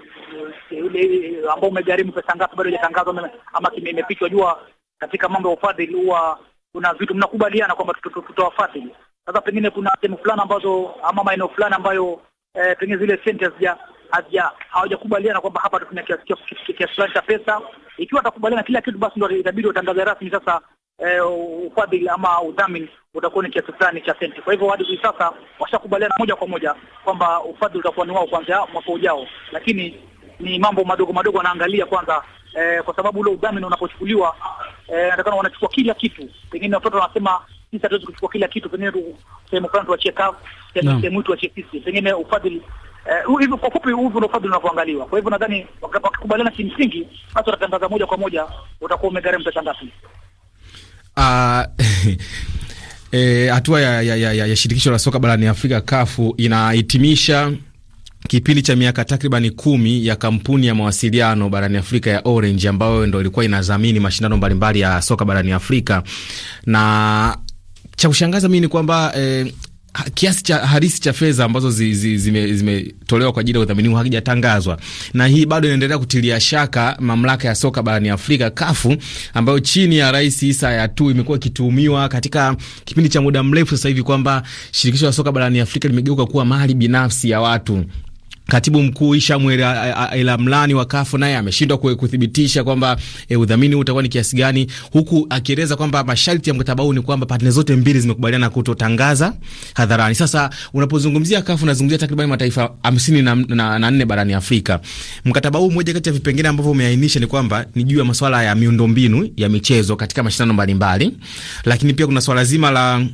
eh, ule ambao umegharimu pesa ngapi bado hajatangazwa ama imepitwa. Jua katika mambo ya ufadhili huwa kuna vitu mnakubaliana kwamba tutawafadhili. Sasa pengine kuna sehemu fulani ambazo ama maeneo fulani ambayo eh, pengine zile senti hazija hawajakubaliana kwamba hapa tuna kiasi fulani cha pesa. Ikiwa atakubaliana kila kitu, basi ndo itabidi watangaze rasmi sasa eh, ufadhili ama udhamini utakuwa ni kiasi fulani cha senti. Kwa hivyo hadi hivi sasa washakubaliana moja kwa moja kwamba ufadhili utakuwa ni wao kuanzia mwaka ujao, lakini ni mambo madogo madogo wanaangalia kwanza eh, kwa sababu ule udhamini unapochukuliwa inatakana eh, wanachukua kila kitu. Pengine watoto wanasema sisi hatuwezi kuchukua kila kitu, pengine sehemu fulani tuachie kafu, sehemu hii tuachie sisi, pengine ufadhili eh, hivyo uh, kwa fupi huu ndio fadhili unavyoangaliwa. Kwa hivyo nadhani wakikubaliana kimsingi, basi watatangaza moja kwa moja utakuwa umegharimu pesa ngapi. [LAUGHS] Eh, hatua e, ya, ya, ya, ya shirikisho la soka barani Afrika kafu inahitimisha kipindi cha miaka takribani kumi ya kampuni ya mawasiliano barani Afrika ya Orange ambayo ndo ilikuwa inadhamini mashindano mbalimbali ya soka barani Afrika na cha kushangaza mimi ni kwamba eh, kiasi cha halisi cha fedha ambazo zimetolewa zi kwa ajili ya udhamini hakijatangazwa, na hii bado inaendelea kutilia shaka mamlaka ya soka barani Afrika kafu ambayo chini ya Rais Issa Hayatou imekuwa ikituhumiwa katika kipindi cha muda mrefu sasa hivi kwamba shirikisho la soka barani Afrika limegeuka kuwa mali binafsi ya watu Katibu mkuu Isha Mwelamlani wa Kafu naye ameshindwa kuthibitisha kwamba e, udhamini huu utakuwa ni kiasi gani, huku akieleza kwamba masharti ya mkataba huu ni kwamba pande zote mbili zimekubaliana kutotangaza hadharani. Sasa unapozungumzia Kafu unazungumzia takriban mataifa hamsini na, na, na nne barani Afrika. Mkataba huu moja kati ya vipengele ambavyo umeainisha ni kwamba ni juu ya masuala ya miundombinu ya michezo katika mashindano mbalimbali, lakini pia kuna swala zima la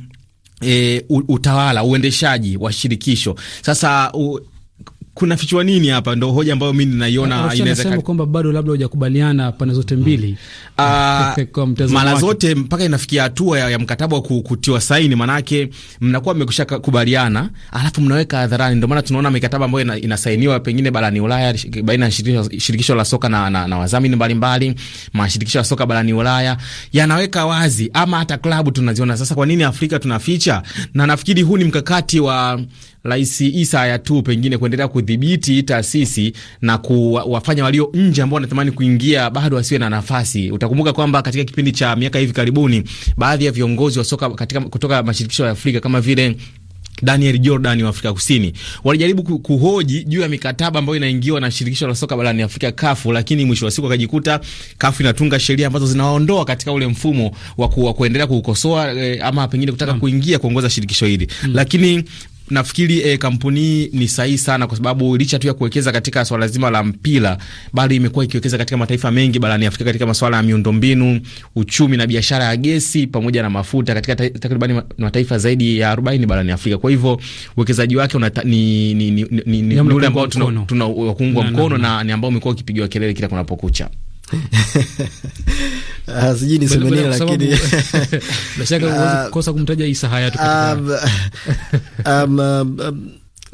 E, utawala uendeshaji wa shirikisho sasa u, kuna fichwa nini hapa? Ndo hoja ambayo mimi ninaiona inaweza kusema kwamba bado labda hujakubaliana pande zote mm. mbili, mm. uh, [LAUGHS] mara zote mpaka inafikia hatua ya, ya mkataba wa kutiwa saini, manake mnakuwa mmekwisha kubaliana, alafu mnaweka hadharani. Ndio maana tunaona mikataba ambayo inasainiwa pengine barani Ulaya baina ya shirikisho la soka na, na, na wadhamini mbalimbali, mashirikisho ya soka barani Ulaya yanaweka wazi, ama hata klabu tunaziona. Sasa kwa nini Afrika tunaficha? Na nafikiri huu ni mkakati wa Rais Isa ya tu pengine kuendelea kudhibiti taasisi na kuwafanya walio nje ambao wanatamani kuingia bado wasiwe na nafasi. Utakumbuka kwamba katika kipindi cha miaka hivi karibuni, baadhi ya viongozi wa soka katika kutoka mashirikisho ya Afrika kama vile Daniel Jordan wa Afrika Kusini walijaribu kuhoji juu ya mikataba ambayo inaingiwa na shirikisho la soka barani Afrika kafu, lakini mwisho wa siku akajikuta kafu inatunga sheria ambazo zinawaondoa katika ule mfumo wa kuendelea kuukosoa eh, ama pengine kutaka mm. kuingia kuongoza shirikisho hili mm. lakini nafikiri eh, kampuni ni sahihi sana kwa sababu licha tu ya kuwekeza katika swala zima la mpira, bado imekuwa ikiwekeza katika mataifa mengi barani Afrika katika masuala ya miundombinu, uchumi na biashara ya gesi pamoja na mafuta katika takriban mataifa zaidi ya 40 barani Afrika. Kwa hivyo uwekezaji wake una, ni ni ni, ni, ni ule ambao tunaungwa mkono na, na, na, na, na, ambao umekuwa ukipigiwa kelele kila kunapokucha [LAUGHS] uh, sijui niseme nini lakini [LAUGHS] bila shaka huwezi [LAUGHS] ah, kukosa kumtaja Isa Hayatu katika um, [LAUGHS] um, um, um,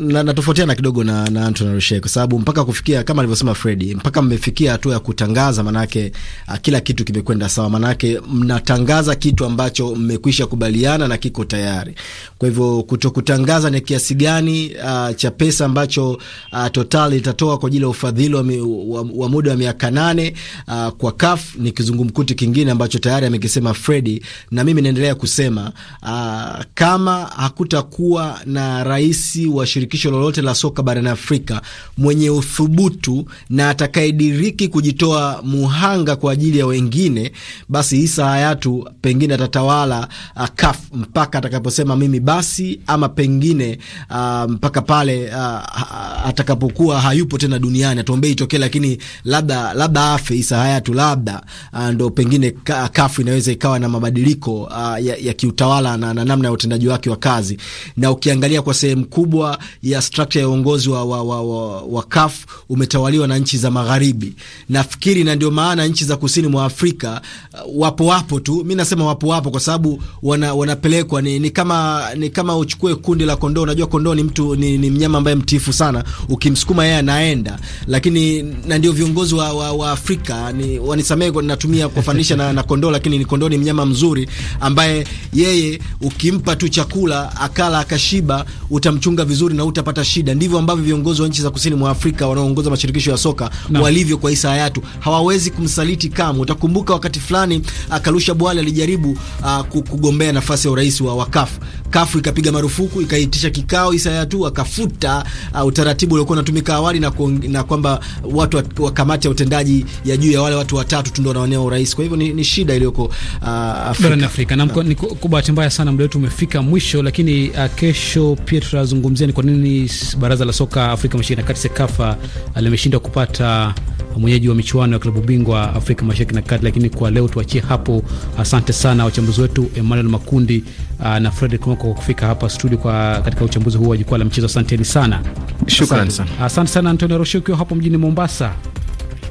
natofautiana na, kidogo na, na Anton Rushe kwa sababu mpaka kufikia kama alivyosema Fredi, mpaka mmefikia hatua ya kutangaza, manake uh, kila kitu kimekwenda sawa, manake mnatangaza kitu ambacho mmekwisha kubaliana na kiko tayari. Kwa hivyo kutokutangaza ni kiasi gani uh, cha pesa ambacho uh, Total itatoa kwa ajili ya ufadhili wa, wa, wa muda wa miaka nane uh, kwa CAF ni kizungumkuti kingine ambacho tayari amekisema Fredi, na mimi naendelea kusema uh, kama hakutakuwa na rais wa shirika shirikisho lolote la soka barani Afrika mwenye uthubutu na atakayediriki kujitoa muhanga kwa ajili ya wengine, basi Isa Hayatu pengine atatawala uh, CAF mpaka atakaposema mimi basi, ama pengine uh, mpaka pale uh, uh atakapokuwa hayupo tena duniani. Atuombee itokee, lakini labda labda afe Isa Hayatu, labda uh, ndo pengine ka, CAF inaweza ikawa na mabadiliko uh, ya, ya kiutawala na, na namna ya utendaji wake wa kazi na ukiangalia kwa sehemu kubwa ya structure ya uongozi wa, wa, wa, wa, wa CAF umetawaliwa na nchi za magharibi nafikiri, na ndio maana nchi za kusini mwa Afrika uh, wapo wapo tu. Mi nasema wapo wapo kwa sababu wana, wanapelekwa ni, ni, kama, ni kama uchukue kundi la kondoo. Unajua kondoo ni mtu ni, ni mnyama ambaye mtiifu sana, ukimsukuma yeye anaenda, lakini na ndio viongozi wa, wa, wa Afrika ni, wanisamehe natumia kufanisha na, na kondoo, lakini ni kondoo ni mnyama mzuri ambaye yeye ukimpa tu chakula akala akashiba utamchunga vizuri na utapata shida. Ndivyo ambavyo viongozi wa nchi za kusini mwa Afrika wanaoongoza mashirikisho ya soka no. walivyo kwa Isa Hayatou, hawawezi kumsaliti kamwe. Utakumbuka wakati fulani uh, Kalusha Bwale alijaribu uh, kugombea nafasi ya urais wa wakaf kafu ikapiga marufuku, ikaitisha kikao. Isa Hayatou akafuta uh, utaratibu uliokuwa unatumika awali na, na kwamba watu wa, kamati ya utendaji ya juu ya wale watu watatu tu ndio wanaonea urais. Kwa hivyo ni, ni shida iliyoko uh, Afrika, Afrika. Na, na. Ni kwa bahati mbaya sana muda wetu umefika mwisho, lakini uh, kesho pia tutazungumzia ni kwa nini kwani baraza la soka Afrika Mashariki na Kati SEKAFA limeshindwa kupata mwenyeji wa michuano ya klabu bingwa Afrika Mashariki na Kati. Lakini kwa leo tuachie hapo. Asante sana wachambuzi wetu Emmanuel Makundi ah, na Fredrick Mwako kwa kufika hapa studio kwa katika uchambuzi huu wa jukwaa la michezo. Asanteni sana, shukrani sana. Asante sana Antonio Roshi ukiwa hapo mjini Mombasa.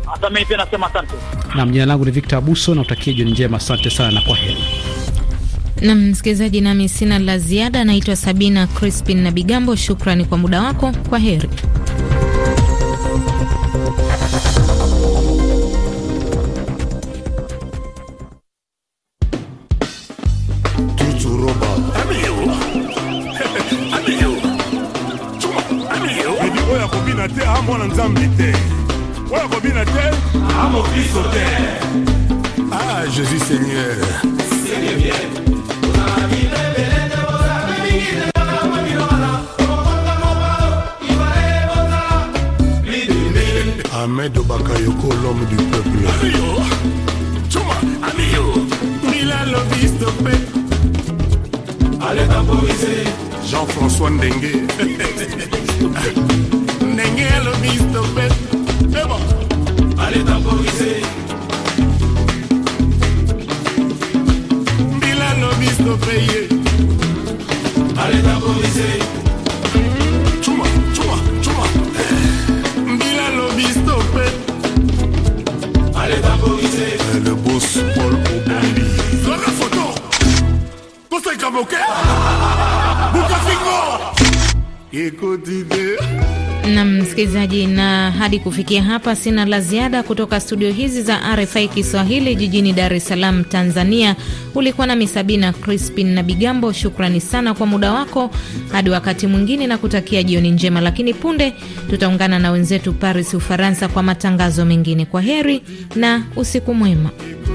Hata mimi pia nasema asante. Naam, jina langu ni Victor Abuso na utakie jioni njema. Asante sana na kwa heri. Na msikilizaji, nami sina la ziada. Naitwa Sabina Crispin na Bigambo, shukrani kwa muda wako. Kwa heri. [LAUGHS] Ah, Jésus Seigneur. Seigneur bien. de Bakayoko, l'homme du peuple. Yo, Chuma, amigo, Mila Lovis de paix. Allez tamponiser. Jean-François Ndengue. [LAUGHS] Nengue Lovis de paix. C'est eh bon. Allez tamponiser. Mila Lovis de paix. Allez tamponiser. na msikilizaji, na hadi kufikia hapa, sina la ziada kutoka studio hizi za RFI Kiswahili jijini Dar es Salaam, Tanzania. Ulikuwa nami Sabina Crispin na Bigambo. Shukrani sana kwa muda wako. Hadi wakati mwingine, na kutakia jioni njema. Lakini punde tutaungana na wenzetu Paris, Ufaransa, kwa matangazo mengine. Kwa heri na usiku mwema.